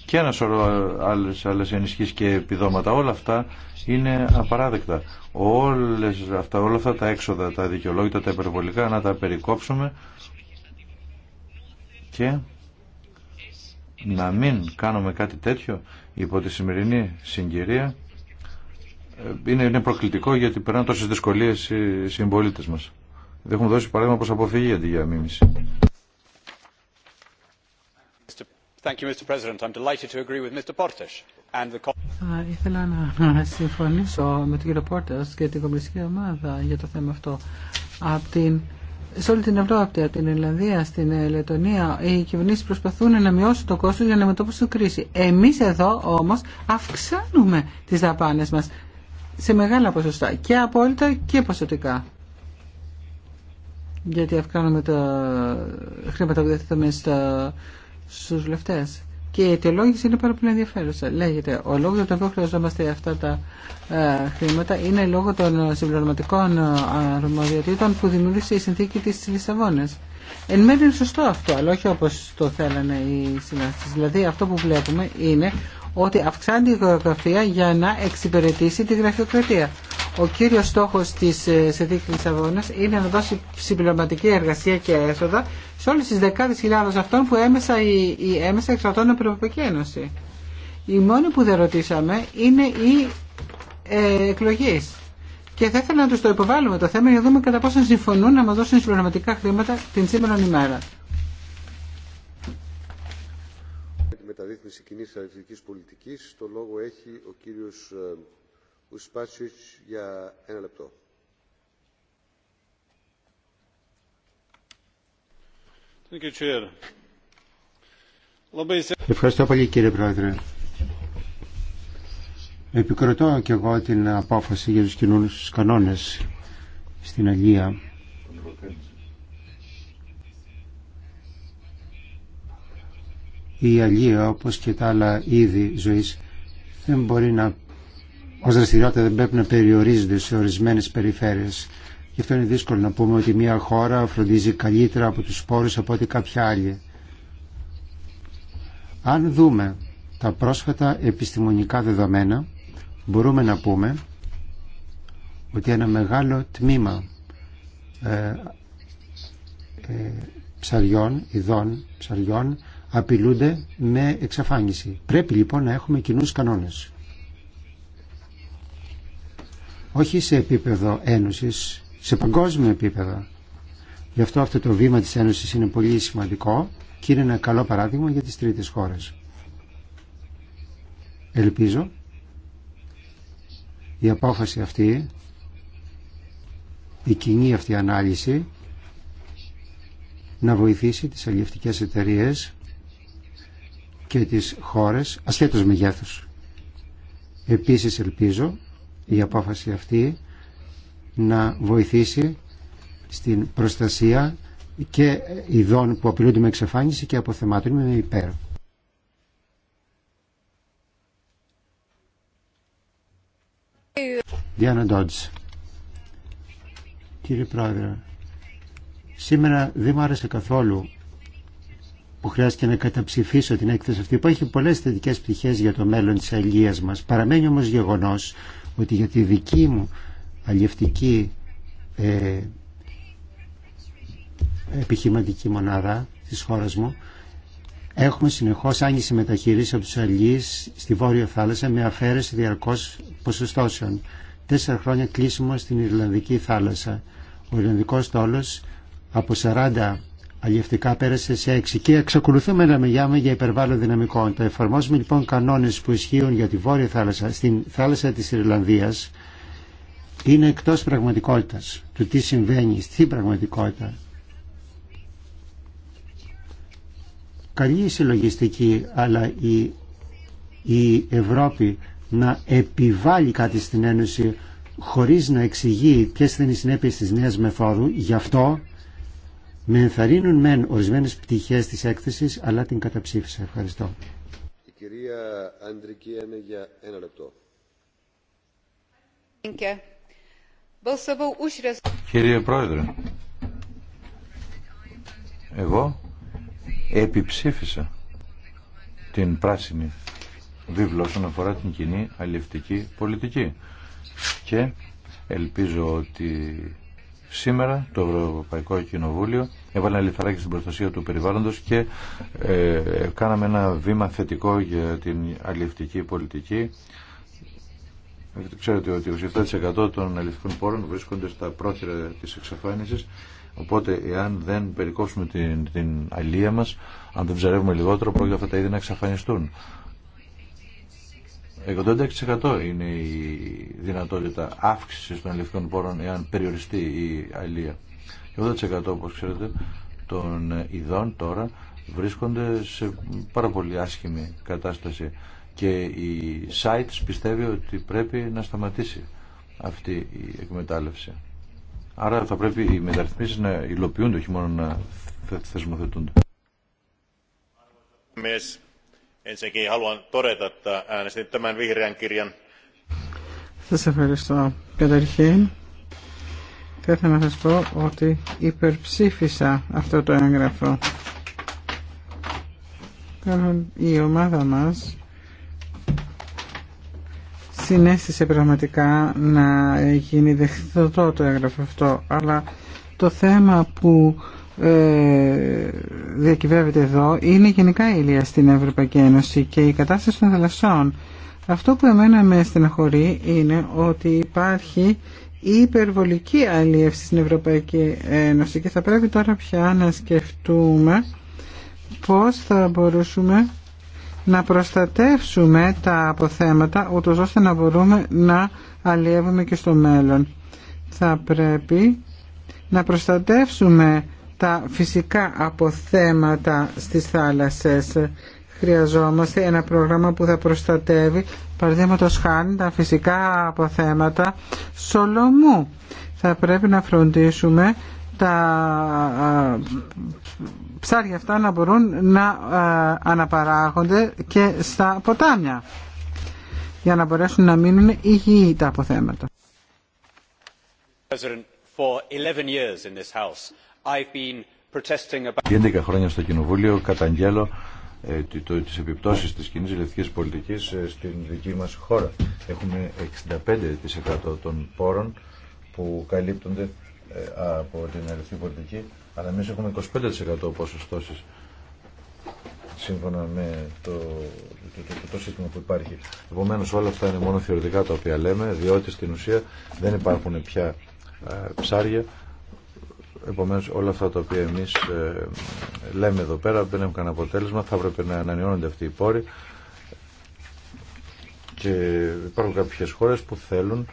Και ένα σωρό άλλες, άλλες και επιδόματα. Όλα αυτά είναι απαράδεκτα. Όλες αυτά, όλα αυτά τα έξοδα, τα δικαιολόγητα, τα υπερβολικά, να τα περικόψουμε και να μην κάνουμε κάτι τέτοιο υπό τη σημερινή συγκυρία ε, είναι, είναι προκλητικό γιατί περνάνε τόσε δυσκολίε οι συμπολίτε μα. Δεν έχουν δώσει παράδειγμα προ αποφυγή αντί για μίμηση. Θα ήθελα να συμφωνήσω με τον κύριο Πόρτα και την κομμουνιστική ομάδα για το θέμα αυτό. Από την, σε όλη την Ευρώπη, από την Ιρλανδία στην Λετωνία, οι κυβερνήσει προσπαθούν να μειώσουν το κόστο για να μετώπισουν κρίση. Εμεί εδώ όμω αυξάνουμε τι δαπάνε μα σε μεγάλα ποσοστά και απόλυτα και ποσοτικά γιατί αυξάνουμε τα χρήματα που διαθέτουμε στους βουλευτές. Και η αιτιολόγηση είναι πάρα πολύ ενδιαφέρουσα. Λέγεται, ο λόγος για τον οποίο χρειαζόμαστε αυτά τα ε, χρήματα είναι λόγω των συμπληρωματικών ε, αρμοδιοτήτων που δημιούργησε η συνθήκη της Λισαβόνα. Εν μέρει είναι σωστό αυτό, αλλά όχι όπω το θέλανε οι συνάδελφοι. Δηλαδή αυτό που βλέπουμε είναι ότι αυξάνει τη γραφειοκρατία για να εξυπηρετήσει τη γραφειοκρατία. Ο κύριος στόχος της ε, συνθήκης Λισαβόνας είναι να δώσει συμπληρωματική εργασία και έσοδα σε όλες τις δεκάδες χιλιάδες αυτών που έμεσα, η η έμεσα εξαρτώνουν από την Ευρωπαϊκή Ένωση. Οι μόνοι που δεν ρωτήσαμε είναι η ε, εκλογείς. Και θα ήθελα να του το υποβάλουμε το θέμα για να δούμε κατά πόσο συμφωνούν να μα δώσουν συμπληρωματικά χρήματα την σήμερα ημέρα. μεταρρύθμιση κοινή στρατηγική πολιτικής. Το λόγο έχει ο κύριος ε, Ουσπάτσιτς για ένα λεπτό. Ευχαριστώ πολύ κύριε Πρόεδρε. Επικροτώ και εγώ την απόφαση για τους κοινούς κανόνες στην Αγία. η αλία όπως και τα άλλα είδη ζωής δεν μπορεί να ως δραστηριότητα δεν πρέπει να περιορίζονται σε ορισμένες περιφέρειες. Γι' αυτό είναι δύσκολο να πούμε ότι μια χώρα φροντίζει καλύτερα από τους σπόρους από ό,τι κάποια άλλη. Αν δούμε τα πρόσφατα επιστημονικά δεδομένα μπορούμε να πούμε ότι ένα μεγάλο τμήμα ε, ε, ψαριών, ειδών ψαριών απειλούνται με εξαφάνιση. Πρέπει λοιπόν να έχουμε κοινού κανόνες. Όχι σε επίπεδο ένωσης, σε παγκόσμιο επίπεδο. Γι' αυτό αυτό το βήμα της Ένωσης είναι πολύ σημαντικό και είναι ένα καλό παράδειγμα για τις τρίτες χώρες. Ελπίζω η απόφαση αυτή, η κοινή αυτή ανάλυση να βοηθήσει τις αλληλευτικές εταιρείες και τις χώρες ασχέτως μεγέθους. Επίσης ελπίζω η απόφαση αυτή να βοηθήσει στην προστασία και ειδών που απειλούνται με εξαφάνιση και αποθεμάτων με υπέρ. Διάννα Ντότζ. Κύριε Πρόεδρε, σήμερα δεν μου άρεσε καθόλου που χρειάστηκε να καταψηφίσω την έκθεση αυτή που έχει πολλές θετικές πτυχές για το μέλλον της αλληλείας μας. Παραμένει όμως γεγονός ότι για τη δική μου αλληλευτική ε, επιχειρηματική μονάδα της χώρας μου έχουμε συνεχώς άγγιση μεταχείριση από τους αλληλείς στη Βόρεια Θάλασσα με αφαίρεση διαρκώς ποσοστώσεων. Τέσσερα χρόνια κλείσιμο στην Ιρλανδική θάλασσα. Ο Ιρλανδικός τόλος από 40 αλλιευτικά πέρασε σε 6 και εξακολουθούμε να μιλάμε για υπερβάλλον δυναμικό. Τα εφαρμόζουμε λοιπόν κανόνες που ισχύουν για τη Βόρεια Θάλασσα, στην θάλασσα της Ιρλανδίας, είναι εκτός πραγματικότητας του τι συμβαίνει στην πραγματικότητα. Καλή η συλλογιστική, αλλά η, η Ευρώπη να επιβάλλει κάτι στην Ένωση χωρίς να εξηγεί ποιες θα είναι οι συνέπειες της νέας μεθόδου, γι' αυτό με ενθαρρύνουν μεν ορισμένες πτυχές της έκθεσης, αλλά την καταψήφισα. Ευχαριστώ. Η κυρία Αντρική για ένα λεπτό. Κύριε Πρόεδρε, εγώ επιψήφισα την πράσινη βίβλο όσον αφορά την κοινή αλληλευτική πολιτική και ελπίζω ότι σήμερα το Ευρωπαϊκό Κοινοβούλιο έβαλαν λιθαράκι στην προστασία του περιβάλλοντος και ε, κάναμε ένα βήμα θετικό για την αλληλευτική πολιτική. Ξέρετε ότι 27% των αλληλευτικών πόρων βρίσκονται στα πρόθυρα της εξαφάνισης Οπότε, εάν δεν περικόψουμε την, την αλία μας, αν δεν ψαρεύουμε λιγότερο, πρόκειται αυτά τα είδη να εξαφανιστούν. 86% είναι η δυνατότητα αύξησης των αλληλευτικών πόρων εάν περιοριστεί η αλληλεία. 80% όπως ξέρετε των ειδών τώρα βρίσκονται σε πάρα πολύ άσχημη κατάσταση και η sites πιστεύει ότι πρέπει να σταματήσει αυτή η εκμετάλλευση. Άρα θα πρέπει οι μεταρρυθμίσεις να υλοποιούνται, όχι μόνο να θεσμοθετούνται. ευχαριστώ. Καταρχήν, θα ήθελα να σας πω ότι υπερψήφισα αυτό το έγγραφο. Η ομάδα μας συνέστησε πραγματικά να γίνει δεχτό το έγγραφο αυτό, αλλά το θέμα που ε, διακυβεύεται εδώ είναι γενικά η ηλία στην Ευρωπαϊκή Ένωση και η κατάσταση των θαλασσών. Αυτό που εμένα με στεναχωρεί είναι ότι υπάρχει η υπερβολική αλλιεύση στην Ευρωπαϊκή Ένωση και θα πρέπει τώρα πια να σκεφτούμε πώς θα μπορούσουμε να προστατεύσουμε τα αποθέματα ούτως ώστε να μπορούμε να αλλιεύουμε και στο μέλλον. Θα πρέπει να προστατεύσουμε τα φυσικά αποθέματα στις θάλασσες. Χρειαζόμαστε ένα πρόγραμμα που θα προστατεύει παραδείγματο χάνει τα φυσικά αποθέματα σολομού. Θα πρέπει να φροντίσουμε τα ψάρια αυτά να μπορούν να αναπαράγονται και στα ποτάμια για να μπορέσουν να μείνουν υγιεί τα αποθέματα. Για 11 χρόνια στο Κοινοβούλιο καταγγέλλω ε, τις επιπτώσεις της κοινή ελευθερικής πολιτικής ε, στην δική μας χώρα. Έχουμε 65% των πόρων που καλύπτονται ε, από την ελευθερική πολιτική, αλλά εμείς έχουμε 25% ποσοστώσεις σύμφωνα με το, το, το, το, σύστημα που υπάρχει. Επομένω, όλα αυτά είναι μόνο θεωρητικά τα οποία λέμε, διότι στην ουσία δεν υπάρχουν πια ψάρια Επομένως όλα αυτά τα οποία εμείς ε, λέμε εδώ πέρα δεν έχουν κανένα αποτέλεσμα, θα έπρεπε να ανανεώνονται αυτοί οι πόροι και υπάρχουν κάποιες χώρες που θέλουν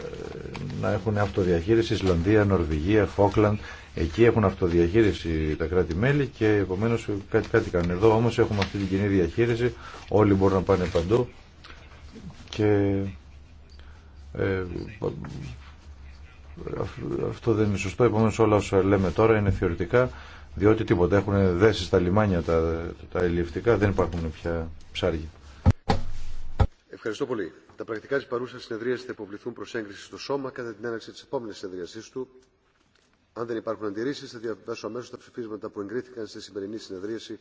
ε, να έχουν αυτοδιαχείριση Ισλανδία, Νορβηγία, Φόκλαντ εκεί έχουν αυτοδιαχείριση τα κράτη-μέλη και επομένως κάτι, κάτι κάνουν εδώ όμως έχουμε αυτή την κοινή διαχείριση όλοι μπορούν να πάνε παντού και ε, αυτό δεν είναι σωστό. Επομένως όλα όσα λέμε τώρα είναι θεωρητικά διότι τίποτα έχουν δέσει στα λιμάνια τα, τα ελληνικά, δεν υπάρχουν πια ψάρια. Ευχαριστώ πολύ. Τα πρακτικά της παρούσα συνεδρία θα υποβληθούν προ έγκριση στο σώμα κατά την έναρξη τη επόμενη συνεδριασής του. Αν δεν υπάρχουν αντιρρήσει, θα διαβάσω αμέσω τα ψηφίσματα που εγκρίθηκαν στη σημερινή συνεδρίαση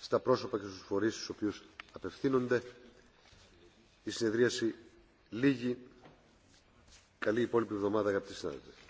στα πρόσωπα και στου φορεί στου οποίου απευθύνονται. Η συνεδρίαση λίγη. Καλή υπόλοιπη εβδομάδα, αγαπητοί συνάδελφοι.